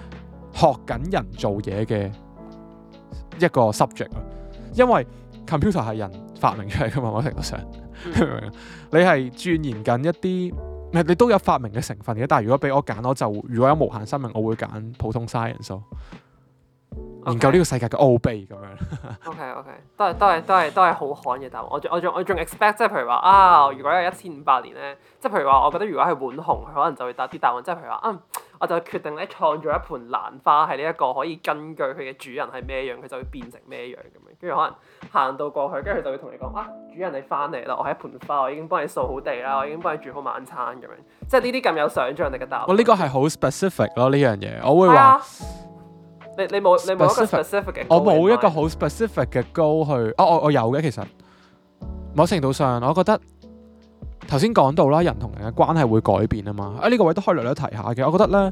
學緊人做嘢嘅一個 subject 因為 computer 係人發明出嚟嘅嘛，我成日想， 你係轉研緊一啲，你都有發明嘅成分嘅。但係如果俾我揀，我就如果有無限生命，我會揀普通 science 咯。Okay. 研究呢個世界嘅奧秘咁樣。OK OK，都係都係都係都係好罕嘅答案。我仲我仲我仲 expect，即係譬如話啊，如果有一千五百年咧，即係譬如話，我覺得如果係碗紅，佢可能就會答啲答案。即係譬如話啊，我就決定咧創造一盆蘭花喺呢一個可以根據佢嘅主人係咩樣，佢就會變成咩樣咁樣。跟住可能行到過去，跟住佢就會同你講啊，主人你翻嚟啦，我係一盆花，我已經幫你掃好地啦，我已經幫你煮好晚餐咁樣。即係呢啲咁有想像力嘅答案。我呢、哦呢個係好 specific 咯，呢樣嘢我會你冇你冇一個 specific 嘅，我冇一個好 specific 嘅高去。哦，我我有嘅其實，某程度上我覺得頭先講到啦，人同人嘅關係會改變啊嘛。啊呢個位都可以略略提下嘅。我覺得咧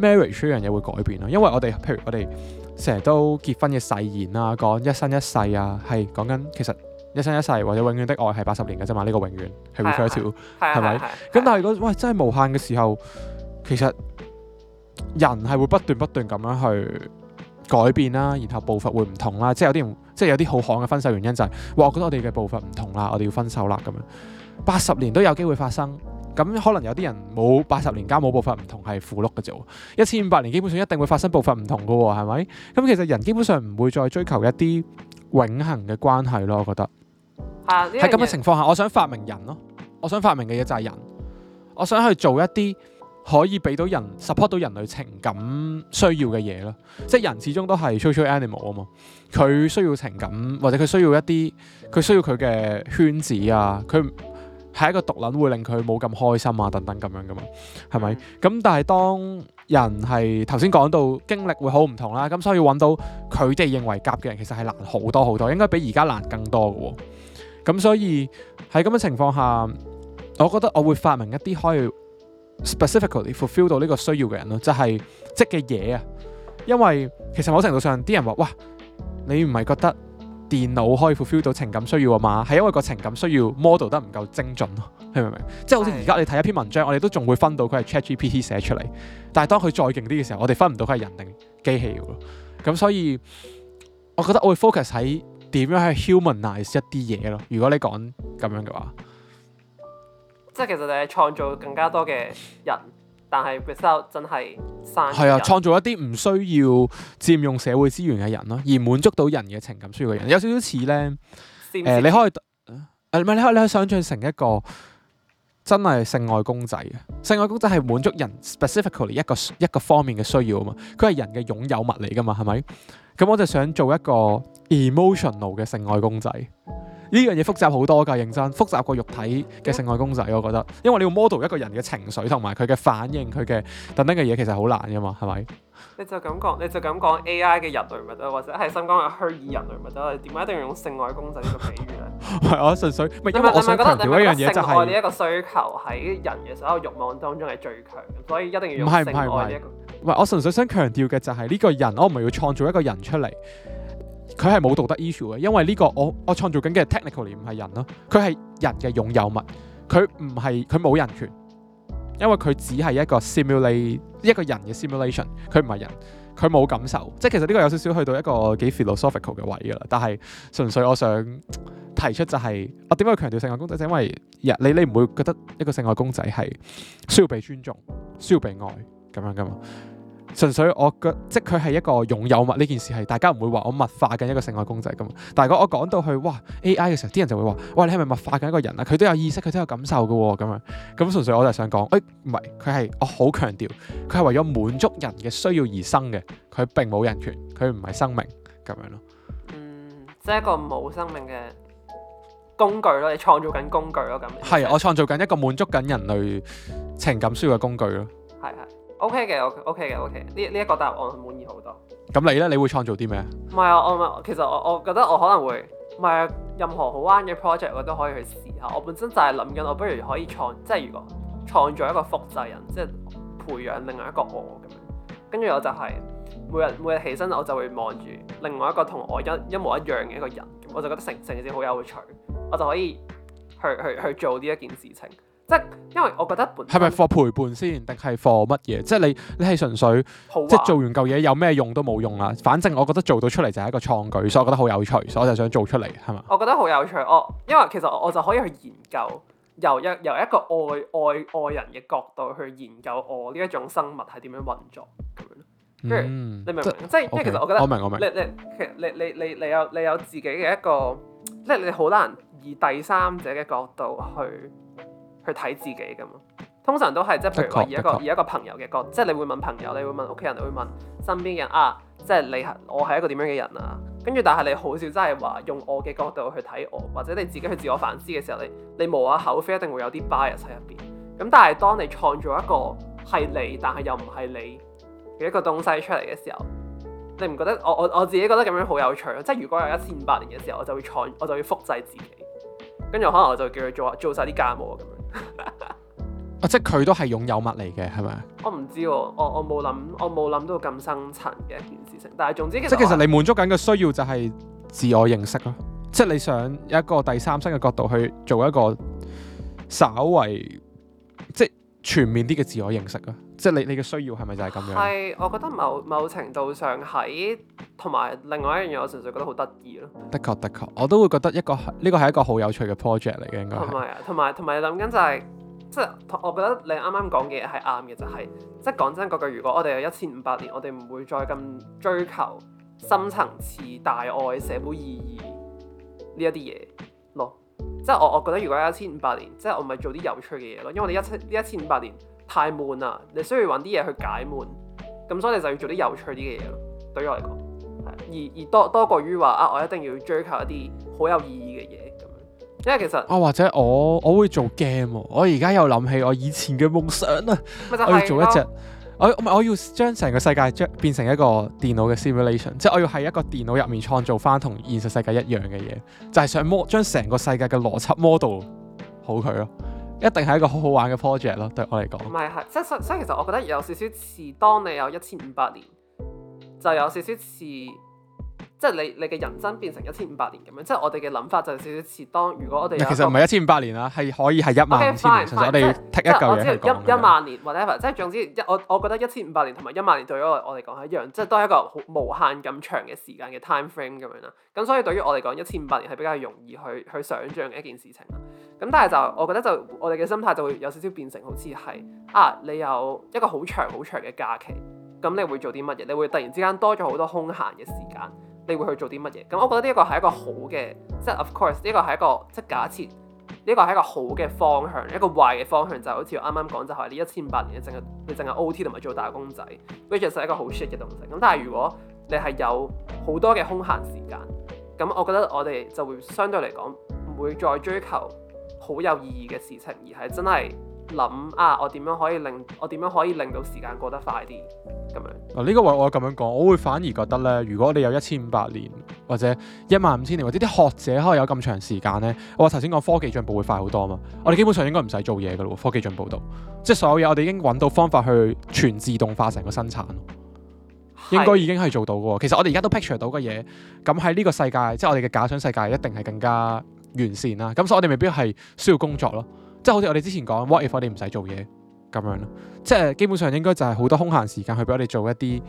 ，marriage 呢樣嘢會改變咯，啊，因為我哋譬如我哋成日都結婚嘅誓言啊，講一生一世啊，係講緊其實一生一世或者永遠的愛係八十年嘅啫嘛。呢個永遠係 refer to 係咪？咁但係如果喂真係無限嘅時候，其實。人係會不斷不斷咁樣去改變啦，然後步伐會唔同啦，即係有啲即係有啲好悍嘅分手原因就係、是，哇！我覺得我哋嘅步伐唔同啦，我哋要分手啦咁樣。八十年都有機會發生，咁可能有啲人冇八十年加冇步伐唔同係附碌嘅啫，一千五百年基本上一定會發生步伐唔同嘅、哦，係咪？咁其實人基本上唔會再追求一啲永恒嘅關係咯，我覺得。係啊，喺咁嘅情況下，我想發明人咯，我想發明嘅嘢就係人，我想去做一啲。可以俾到人 support 到人類情感需要嘅嘢咯，即係人始終都係 social animal 啊嘛，佢需要情感或者佢需要一啲佢需要佢嘅圈子啊，佢係一個獨撚會令佢冇咁開心啊等等咁樣噶嘛，係咪？咁但係當人係頭先講到經歷會好唔同啦，咁所以揾到佢哋認為夾嘅人其實係難好多好多，多，應該比而家難更多嘅喎、哦。咁所以喺咁嘅情況下，我覺得我會發明一啲可以。Specifically fulfill 到呢個需要嘅人咯，就係、是、即嘅嘢啊。因為其實某程度上啲人話，哇，你唔係覺得電腦可以 fulfill 到情感需要啊嘛？係因為個情感需要 model 得唔夠精準咯，明唔明？的即係好似而家你睇一篇文章，我哋都仲會分到佢係 ChatGPT 寫出嚟。但係當佢再勁啲嘅時候，我哋分唔到佢係人定機器噶咯。咁所以我覺得我會 focus 喺點樣去 humanize 一啲嘢咯。如果你講咁樣嘅話。即係其實就係創造更加多嘅人，但係佢真係生係啊，創造一啲唔需要佔用社會資源嘅人咯，而滿足到人嘅情感需要嘅人，有少少似咧誒，你可以誒唔係你可以你可以想象成一個真係性愛公仔。性愛公仔係滿足人 specifically 一個一個方面嘅需要啊嘛，佢係人嘅擁有物嚟噶嘛，係咪？咁我就想做一個 emotional 嘅性愛公仔。呢樣嘢複雜好多㗎，認真，複雜過肉體嘅性愛公仔，我覺得，因為你要 model 一個人嘅情緒同埋佢嘅反應、佢嘅等等嘅嘢，其實好難㗎嘛，係咪？你就咁講，你就咁講 AI 嘅人類物質，或者係想講虛擬人類物質，你點解一定要用性愛公仔呢個比喻咧？係，我純粹唔係因為我想強調一樣嘢，就係性愛呢一個需求喺人嘅所有慾望當中係最強，所以一定要用性愛一個。唔係唔係唔係，唔係我純粹想強調嘅就係呢個人，我唔係要創造一個人出嚟。佢係冇道德 issue 嘅，因為呢個我我創造緊嘅 technically 唔係人咯，佢係人嘅擁有物，佢唔係，佢冇人權，因為佢只係一個 simulate 一個人嘅 simulation，佢唔係人，佢冇感受，即係其實呢個有少少去到一個幾 philosophical 嘅位噶啦，但係純粹我想提出就係、是、我點解要強調性愛公仔，因為你你唔會覺得一個性愛公仔係需要被尊重、需要被愛咁樣噶嘛。純粹我覺，即係佢係一個擁有物呢件事係大家唔會話我物化緊一個性愛公仔㗎嘛。但係我我講到去哇 AI 嘅時候，啲人就會話：哇你係咪物化緊一個人啊？佢都有意識，佢都有感受㗎喎。咁樣咁純粹我就係想講，誒唔係佢係我好強調，佢係為咗滿足人嘅需要而生嘅。佢並冇人權，佢唔係生命咁樣咯。嗯，即係一個冇生命嘅工具咯，你創造緊工具咯咁。係我創造緊一個滿足緊人類情感需要嘅工具咯。係係。O K 嘅，O K 嘅，O K。呢呢一個答案，我滿意好多。咁你咧？你會創造啲咩？唔係啊，我唔係。其實我我覺得我可能會，唔係啊，任何好玩嘅 project，我都可以去試下。我本身就係諗緊，我不如可以創，即係如果創造一個複製人，即係培養另，另外一個我咁樣。跟住我就係每日每日起身，我就會望住另外一個同我一一模一樣嘅一個人。我就覺得成成件事好有趣，我就可以去去去做呢一件事情。即係因為我覺得本係咪放陪伴先陪伴，定係放乜嘢？即係你你係純粹即係做完嚿嘢有咩用都冇用啦。反正我覺得做到出嚟就係一個創舉，所以我覺得好有趣，所以我就想做出嚟，係嘛？我覺得好有趣，我因為其實我就可以去研究，由一由一個愛愛愛人嘅角度去研究我呢一種生物係點樣運作咁樣咯。嗯，你明唔明？嗯、即係 okay, 因為其實我覺得，我明我明。你你你你你，你有你有自己嘅一個，即係你好難以第三者嘅角度去。去睇自己咁，通常都係即係，譬如以一個確以一個朋友嘅角度，確即係你會問朋友，你會問屋企人，你會問身邊嘅人啊，即係你係我係一個點樣嘅人啊，跟住但係你好少真係話用我嘅角度去睇我，或者你自己去自我反思嘅時候，你你無下口飛一定會有啲 bias 喺入邊。咁但係當你創造一個係你但係又唔係你嘅一個東西出嚟嘅時候，你唔覺得我我我自己覺得咁樣好有趣咯？即係如果有一千五百年嘅時候，我就會創我就會複製自己，跟住可能我就叫佢做做晒啲家務啊咁樣。 啊！即係，佢都係擁有物嚟嘅，係咪？我唔知，我我冇諗，我冇諗到咁深層嘅一件事情。但係總之，即係其實你滿足緊嘅需要就係自我認識咯，即係你想有一個第三身嘅角度去做一個稍為。全面啲嘅自我認識啊，即係你你嘅需要係咪就係咁樣？係，我覺得某某程度上喺，同埋另外一樣嘢，我純粹覺得好得意咯。的確的確，我都會覺得一個呢個係一個好有趣嘅 project 嚟嘅，應該係。同埋同埋同埋諗緊就係、是，即係我覺得你啱啱講嘅嘢係啱嘅，就係、是、即係講真嗰句，如果我哋有一千五百年，我哋唔會再咁追求深層次大愛、社會意義呢一啲嘢咯。即係我，我覺得如果有一千五百年，即係我咪做啲有趣嘅嘢咯。因為你一千一千五百年太悶啦，你需要揾啲嘢去解悶。咁所以你就要做啲有趣啲嘅嘢咯。對於我嚟講，係而而多多過於話啊，我一定要追求一啲好有意義嘅嘢咁樣。因為其實啊，或者我我會做 game、啊。我而家又諗起我以前嘅夢想啦、啊，啊、我要做一隻。我唔係我要將成個世界將變成一個電腦嘅 simulation，即係我要喺一個電腦入面創造返同現實世界一樣嘅嘢，就係、是、想模將成個世界嘅邏輯 model 好佢咯，一定係一個好好玩嘅 project 咯，對我嚟講。唔係係，即係所所以，所以，所以其實我覺得有少少似當你有一千五百年，就有少少似。即係你你嘅人生變成一千五百年咁樣，即係我哋嘅諗法就有少少似當如果我哋其實唔係一千五百年啊，係可以係、okay, fine ,一萬年，純粹我哋剔一一一萬年 whatever，即係總之一我我覺得一千五百年同埋一萬年對我我嚟講係一樣，即係都係一個好無限咁長嘅時間嘅 time frame 咁樣啦。咁所以對於我嚟講，一千五百年係比較容易去去想像嘅一件事情啦。咁但係就我覺得就我哋嘅心態就會有少少變成好似係啊，你有一個好長好長嘅假期，咁你會做啲乜嘢？你會突然之間多咗好多空閒嘅時間。你會去做啲乜嘢？咁我覺得呢一個係一個好嘅，即係 of course 呢個係一個即係假設，呢個係一個好嘅方向，一個壞嘅方向就好似我啱啱講就係呢一千八年你淨係你淨係 OT 同埋做打工仔，which is 一個好 shit 嘅東西。咁但係如果你係有好多嘅空閒時間，咁我覺得我哋就會相對嚟講唔會再追求好有意義嘅事情，而係真係。諗啊，我點樣可以令我點樣可以令到時間過得快啲咁樣？嗱，呢個位我咁樣講，我會反而覺得咧，如果你有一千五百年或者一萬五千年，或者啲學者可以有咁長時間咧，我話頭先講科技進步會快好多嘛，我哋基本上應該唔使做嘢噶咯，科技進步到，即係所有嘢我哋已經搵到方法去全自動化成個生產，是應該已經係做到噶。其實我哋而家都 picture 到嘅嘢，咁喺呢個世界，即係我哋嘅假想世界，一定係更加完善啦。咁所以我哋未必係需要工作咯。即係好似我哋之前講，what if 我哋唔使做嘢咁樣咯？即係基本上應該就係好多空閒時間去俾我哋做一啲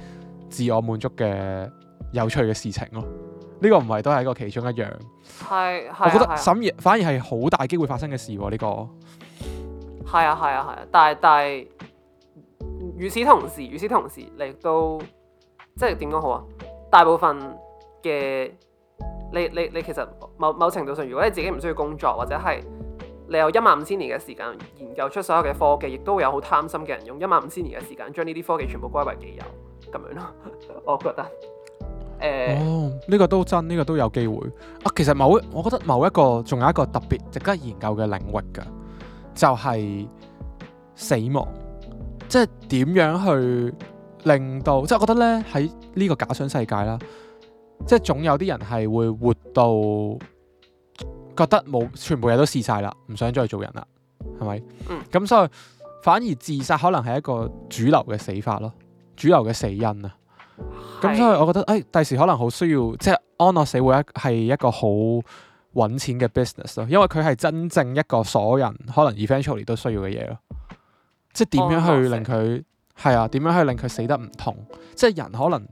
自我滿足嘅有趣嘅事情咯。呢個唔係都係一個其中一樣。係係。啊、我覺得、啊啊、反而反而係好大機會發生嘅事呢、啊這個。係啊係啊係啊，但係但係與此同時與此同時，你亦都即係點講好啊？大部分嘅你你你其實某某程度上，如果你自己唔需要工作或者係。你有一萬五千年嘅時間研究出所有嘅科技，亦都有好貪心嘅人用一萬五千年嘅時間將呢啲科技全部歸為己有咁樣咯。 我覺得，誒、呃，哦，呢個都真，呢個都有機會啊。其實某，我覺得某一個仲有一個特別值得研究嘅領域㗎，就係死亡，即係點樣去令到，即係我覺得呢，喺呢個假想世界啦，即係總有啲人係會活到。覺得冇全部嘢都試晒啦，唔想再做人啦，係咪？咁、嗯、所以反而自殺可能係一個主流嘅死法咯，主流嘅死因啊。咁是的 所以我覺得，誒、哎，第時可能好需要，即係安樂死會一係一個好搵錢嘅 business 咯，因為佢係真正一個所人可能 eventually 都需要嘅嘢咯。即係點樣去令佢係啊？點樣去令佢死得唔同？即係人可能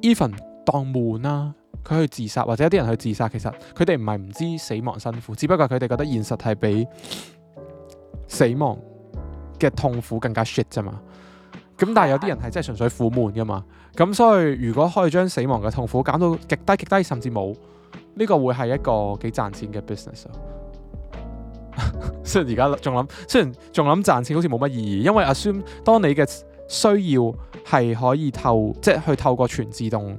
even 當悶啊。佢去自殺，或者有啲人去自殺，其實佢哋唔係唔知死亡辛苦，只不過佢哋覺得現實係比死亡嘅痛苦更加 shit 啫嘛。咁但係有啲人係真係純粹苦悶噶嘛。咁所以如果可以將死亡嘅痛苦減到極低、極低甚至冇，呢個會係一個幾賺錢嘅 business。 雖然而家仲諗，雖然仲諗賺錢好似冇乜意義，因為 assume 當你嘅需要係可以透，即係去透過全自動。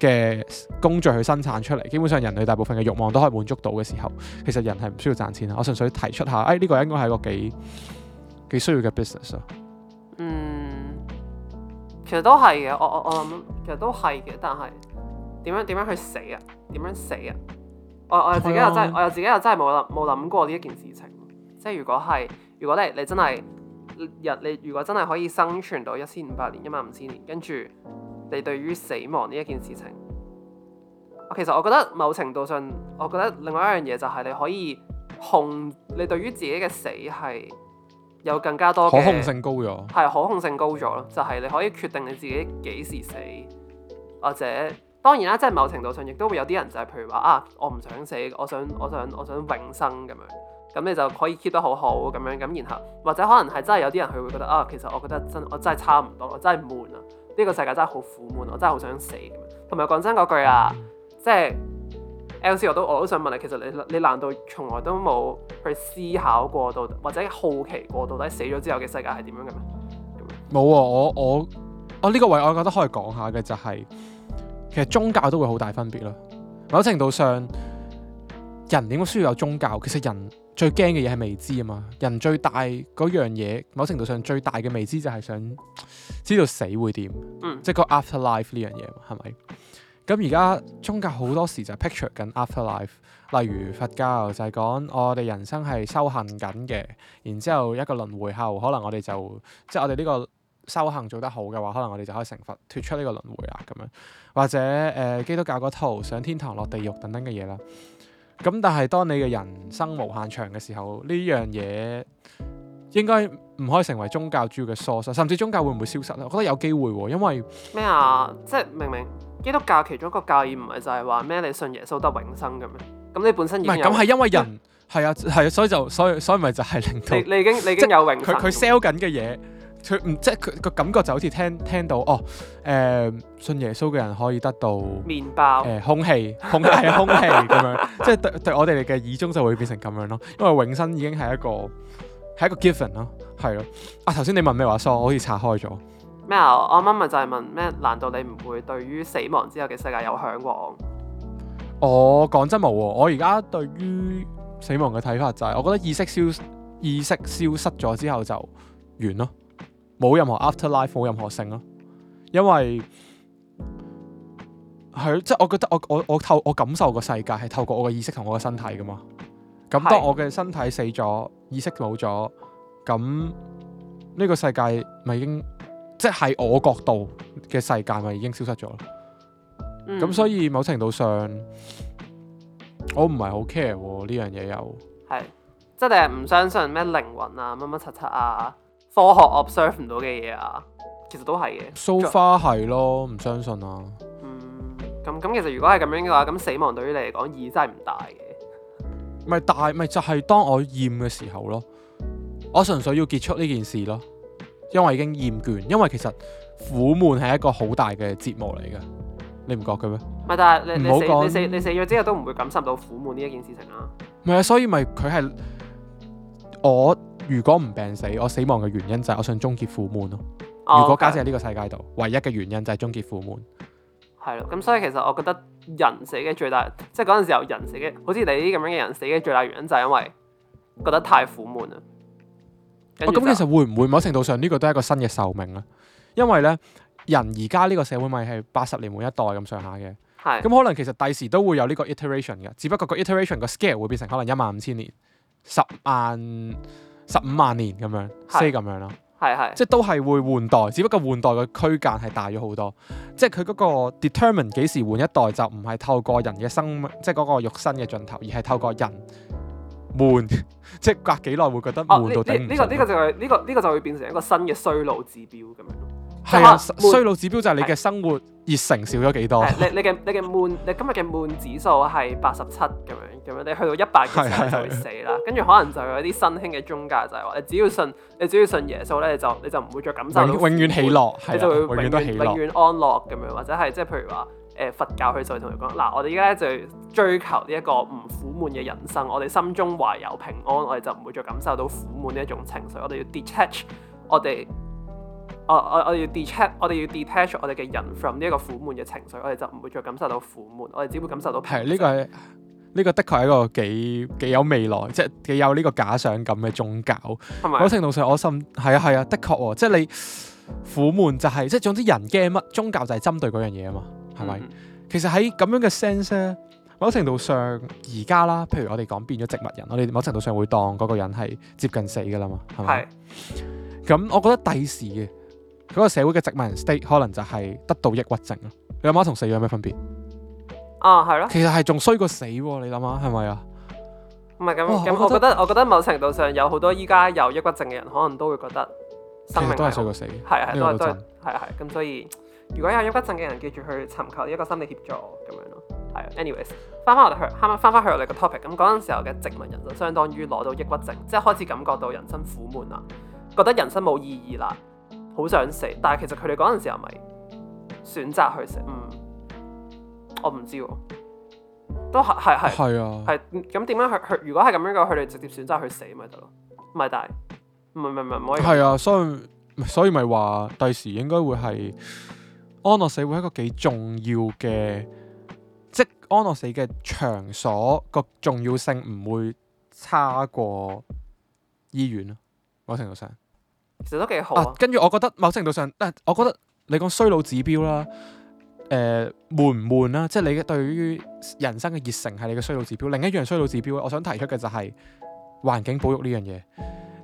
嘅工具去生產出嚟，基本上人類大部分嘅欲望都可以滿足到嘅時候，其實人係唔需要賺錢啊！我純粹提出下，哎呢、呢個應該係個幾幾需要嘅 business、啊、嗯，其實都係嘅，我我我諗，其實都係嘅，但係點樣點樣去死啊？點樣死啊？我我自己又真，啊、我又自己又真係冇諗冇諗過呢一件事情。即係如果係，如果咧你，你真係日你，你如果真係可以生存到一千五百年、一萬五千年，跟住。你對於死亡呢一件事情，其實我覺得某程度上，我覺得另外一樣嘢就係你可以控你對於自己嘅死係有更加多可控性高咗，係可控性高咗咯。就係、是、你可以決定你自己幾時死，或者當然啦，即係某程度上亦都會有啲人就係譬如話啊，我唔想死，我想我想我想，我想永生咁樣，咁你就可以 keep 得好好咁樣，咁然後或者可能係真係有啲人佢會覺得啊，其實我覺得真我真係差唔多，我真係悶啊。呢個世界真係好苦悶，我真係好想死。同埋講真嗰句啊，即係 L C 我都我都想問你，其實你你難道從來都冇去思考過到，或者好奇過到底死咗之後嘅世界係點樣嘅咩？冇啊！我我我呢個位，我覺得可以講下嘅就係，其實宗教都會好大分別咯。某程度上，人點解需要有宗教？其實人。最驚嘅嘢係未知啊嘛，人最大嗰樣嘢，某程度上最大嘅未知就係想知道死會點，嗯、即係個 afterlife 呢樣嘢，係咪？咁而家宗教好多時就 picture 緊 afterlife，例如佛教就係講我哋人生係修行緊嘅，然之後一個輪迴後，可能我哋就即係我哋呢個修行做得好嘅話，可能我哋就可以成佛，脫出呢個輪迴啊，咁樣或者誒、呃、基督教嗰套上天堂、落地獄等等嘅嘢啦。咁但係當你嘅人生無限長嘅時候，呢樣嘢應該唔可以成為宗教主要嘅 source，甚至宗教會唔會消失咧？我覺得有機會喎，因為咩啊？即係明明基督教其中一個教義唔係就係話咩你信耶穌得永生嘅咩？咁你本身已經唔係咁係因為人係啊係啊，所以就所以所以咪就係令到你你已經你已經有永生，佢佢 sell 緊嘅嘢。佢唔即係佢個感覺就好似聽聽到哦，誒、呃、信耶穌嘅人可以得到麵包，誒空氣，空氣，空氣咁 樣，即係對對我哋嘅耳中就會變成咁樣咯。因為永生已經係一個係一個 given 咯、啊，係咯。啊頭先你問咩話疏，我好似拆開咗咩啊？我啱啱咪就係問咩？難道你唔會對於死亡之後嘅世界有向往？我講真冇，我而家對於死亡嘅睇法就係、是，我覺得意識消意識消失咗之後就完咯。冇任何 afterlife，冇任何性咯，因為係即係，我覺得我我我透我感受世我我我，這個世界係透過我嘅意識同我嘅身體噶嘛，咁當我嘅身體死咗，意識冇咗，咁呢個世界咪已經即係我角度嘅世界咪已經消失咗咯，咁，嗯、所以某程度上我唔係好 care 呢樣嘢又，係即係你係唔相信咩靈魂啊乜乜柒柒啊？科學 observe 唔到嘅嘢啊，其實都係嘅。so far 係咯，唔相信啊。嗯，咁咁其實如果係咁樣嘅話，咁死亡對於你嚟講意義真係唔大嘅。咪大咪就係當我厭嘅時候咯，我純粹要結束呢件事咯，因為已經厭倦，因為其實苦悶係一個好大嘅折磨嚟嘅，你唔覺嘅咩？咪但係你，你死你死你死咗之後都唔會感受到苦悶呢一件事情啦、啊。咪啊，所以咪佢係我。如果唔病死，我死亡嘅原因就係我想終結苦悶咯、啊。Oh, okay. 如果假設喺呢個世界度，唯一嘅原因就係終結苦悶係咯。咁所以其實我覺得人死嘅最大即係嗰陣時候人死嘅，好似你啲咁樣嘅人死嘅最大原因就係因為覺得太苦悶啦。咁、哦、其實會唔會某程度上呢個都係一個新嘅壽命咧、啊？因為咧人而家呢個社會咪係八十年換一代咁上下嘅，咁的可能其實第時都會有呢個 iteration 嘅，只不過個 iteration 個 scale 會變成可能一萬五千年、十萬。十五萬年咁樣，say 咁樣咯，係係，即係都係會換代，只不過換代嘅區間係大咗好多，即係佢嗰個 determine 幾時換一代就唔係透過人嘅生，即係嗰個肉身嘅盡頭，而係透過人換，即係隔幾耐會覺得換到頂。呢個呢個就係呢個呢個就會變成一個新嘅衰老指標咁樣。係、啊、衰老指標就係你嘅生活熱誠的少咗幾多？你你嘅你嘅悶，你今日嘅悶指數係八十七咁樣咁樣，你去到一百嘅時候就會死啦。跟住可能就係有啲新興嘅宗教就係、是、話，你只要信你只要信耶穌咧，就你就唔會再感受永遠喜樂，你就會永遠都喜樂，永遠安樂咁樣，或者係即係譬如話誒佛教佢就會同你講，嗱我哋而家咧就追求呢一個唔苦悶嘅人生，我哋心中懷有平安，我哋就唔會再感受到苦悶、呃、呢一種情緒，我哋要 detach 我哋。我我哋要 detach，我哋要 detach 我哋嘅人 from 呢一個苦悶嘅情緒，我哋就唔會再感受到苦悶，我哋只會感受到平。係呢個係呢、呢個，的確係一個幾幾有未來，即係幾有呢個假想感嘅宗教。係咪？某程度上我甚，我心係啊係啊，啊，的確喎、哦，即係你苦悶就係、是、即係總之人驚乜，宗教就係針對嗰樣嘢啊嘛，係咪？嗯嗯，其實喺咁樣嘅 sense 咧，某程度上而家啦，譬如我哋講變咗植物人，我哋某程度上會當嗰個人係接近死噶啦嘛，係咪？咁是 我覺得第時嘅。嗰個社會嘅植物人 state 可能就係得到抑鬱症咯。你阿媽同死有咩分別？啊，係咯，其實係仲衰過死喎！你諗下，係咪啊？唔係咁咁，那我覺得我覺得，我覺得某程度上有好多依家有抑鬱症嘅人，可能都會覺得生命都係衰過死，係啊係啊都係，係啊。咁所以如果有抑鬱症嘅人，記住去尋求一個心理協助咁樣咯。係，anyways，翻返我哋去啱啱翻返去我哋嘅 topic。咁嗰陣時候嘅植物人就相當於攞到抑鬱症，即係開始感覺到人生苦悶啦，覺得人生冇意義啦。好想死，但係其實佢哋嗰陣時又咪選擇去死？嗯，我唔知喎、啊，都係係係係啊，係咁點樣去去如果係咁樣嘅，佢哋直接選擇去死咪得咯，咪但係唔唔唔可以係啊，所以所以咪話第時應該會係安樂死會係一個幾重要嘅，即安樂死嘅場所個重要性唔會差過醫院咯，某程度上。其實都幾好跟、啊、住，啊、我覺得某程度上，啊、我覺得你講衰老指標啦，誒、呃，悶唔悶啦、啊？即係你對於人生嘅熱誠係你嘅衰老指標。另一樣衰老指標，我想提出嘅就係環境保育以呢樣嘢。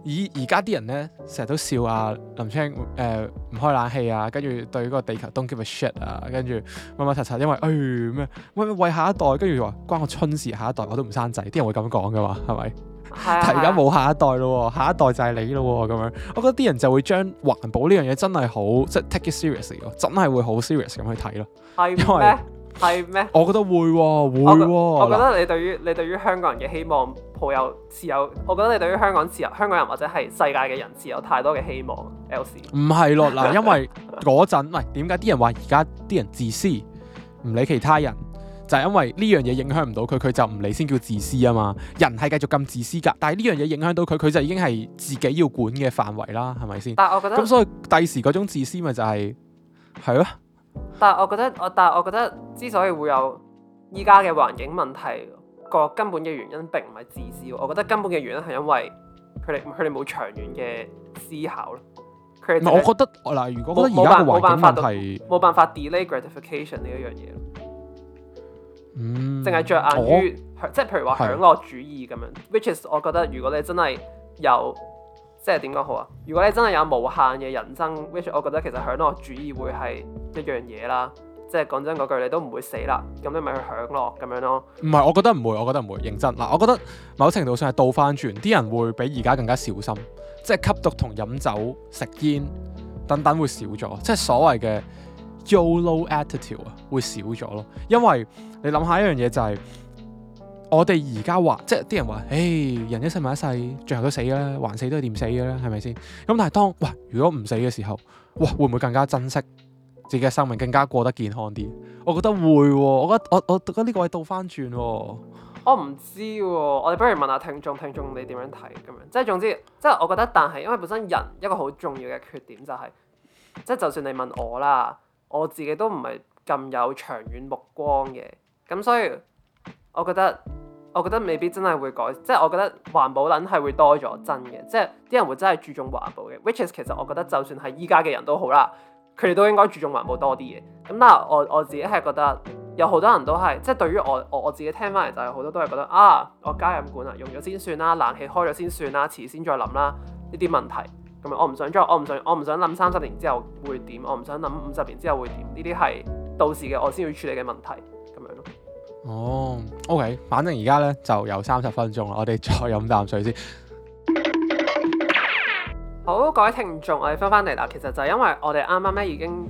而而家啲人咧，成日都笑啊，林超英誒，唔、呃、開冷氣啊，跟住對嗰個地球 don’t give a shit 啊，跟住乜乜柒柒，因為誒咩、哎，喂喂，下一代，跟住話關我春事，下一代我都唔生仔，啲人會咁講嘅嘛。係咪？係，但而家冇下一代咯，下一代就係你咯，咁樣，我覺得啲人就會將環保呢樣嘢真係好，即係 take it seriously，真係會好 serious 咁去睇咯。係咩？係咩？我覺得會喎，會喎。我我覺得你對於你對於香港人嘅希望抱有持有，我覺得你對於香港持有香港人或者係世界嘅人持有太多嘅希望。L C 唔係咯嗱，因為嗰陣喂，係點解啲人話而家啲人自私，唔理其他人。就係因為呢樣嘢影響唔到佢，佢就唔理先叫自私啊嘛。人係繼續咁自私噶，但係呢樣嘢影響到佢，佢就已經係自己要管嘅範圍啦，係咪先？但係我覺得咁，所以第時嗰種自私咪就係係咯。但係我覺得，我、就是、但係我覺得，覺得之所以會有依家嘅環境問題，個根本嘅原因並唔係自私。我覺得根本嘅原因係因為佢哋佢哋冇長遠嘅思考咯。佢我覺得嗱，如果我覺得而家嘅環境問題，冇辦法 delay gratification 呢一樣嘢。嗯，淨係著眼於我即係譬如話享樂主義咁樣是，which is 我覺得如果你真係有即係點講好啊？如果你真係有無限嘅人生，which 我覺得其實享樂主義會係一樣嘢啦。即係講真嗰句，你都唔會死啦，咁你咪去享樂咁樣咯。唔係，我覺得唔會，我覺得唔會認真嗱。我覺得某程度上係倒翻轉，啲人會比而家更加小心，即係吸毒同飲酒、食煙等等會少咗，即係所謂嘅 yolo attitude 啊會少咗咯，因為。你諗下一樣嘢就係、是，我哋而家話，即係啲人話，誒，人一世物一世，最後都死啦，還死都係點死嘅啦，係咪先？咁但係當，喂，如果唔死嘅時候，哇，會唔會更加珍惜自己嘅生命，更加過得健康啲？我覺得會喎，我覺得我我覺得呢個位倒翻轉喎，我唔知，我哋不如問下聽眾，聽眾你點樣睇？咁樣，即係總之，即係我覺得，但係因為本身人一個好重要嘅缺點就係、是，即係就算你問我啦，我自己都唔係咁有長遠目光嘅。咁所以，我覺得我覺得未必真係會改，即係我覺得環保撚係會多咗真嘅，即係啲人會真係注重環保嘅。Which is 其實我覺得就算係依家嘅人都好啦，佢哋都應該注重環保多啲嘢。咁嗱，我我自己係覺得有好多人都係，即係對於我我我自己聽翻嚟就係好多都係覺得啊，我家飲管啊用咗先算啦，冷氣開咗先算啦，遲先再諗啦呢啲問題。咁啊，我唔想再，我唔想我唔想諗三十年之後會點，我唔想諗五十年之後會點。呢啲係到時嘅我先要處理嘅問題。哦，OK，反正而家咧就有三十分鐘啦，我哋再飲啖水先。好，各位聽眾，我哋翻翻嚟啦。其實就係因為我哋啱啱咧已經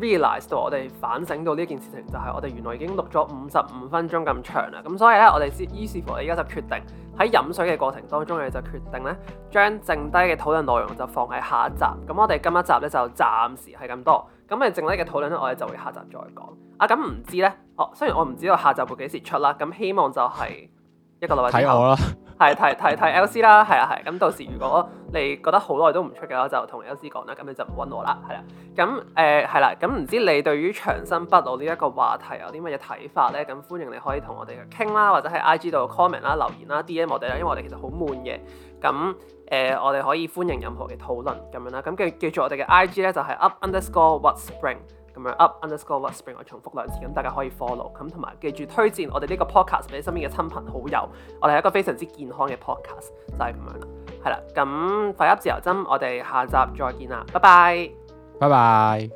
realize 到，我哋反省到呢件事情，就係我哋原來已經錄咗五十五分鐘咁長啦。咁所以咧，我哋之於是乎，我而家就決定喺飲水嘅過程當中，你就決定咧將剩低嘅討論內容就放喺下一集。咁我哋今一集咧就暫時係咁多。咁誒，剩咧嘅討論咧，我哋就會下集再講。啊，咁唔知咧，哦，雖然我唔知道下集會幾時出啦，咁希望就係一個禮拜之後睇我啦，係提提睇 L C 啦，係啊係。咁到時如果你覺得好耐都唔出嘅話，就同 L C 講啦，咁你就唔搵我啦，係啦。咁誒係啦，咁、呃、唔知你對於長生不老呢一個話題有啲乜嘢睇法咧？咁歡迎你可以同我哋傾啦，或者喺 I G 度 comment 啦、留言啦 DM 我哋啦，因為我哋其實好悶嘅。咁誒、呃，我哋可以歡迎任何嘅討論咁樣啦。咁記記住我哋嘅 IG 咧，就係、是、up underscore what spring 咁樣 up underscore what spring，我重複兩次，咁大家可以 follow 咁，同埋記住推薦我哋呢個 podcast 俾身邊嘅親朋好友。我哋係一個非常之健康嘅 podcast，就係咁樣啦。係啦，咁快噏自由針，我哋下集再見啦，拜拜，拜拜。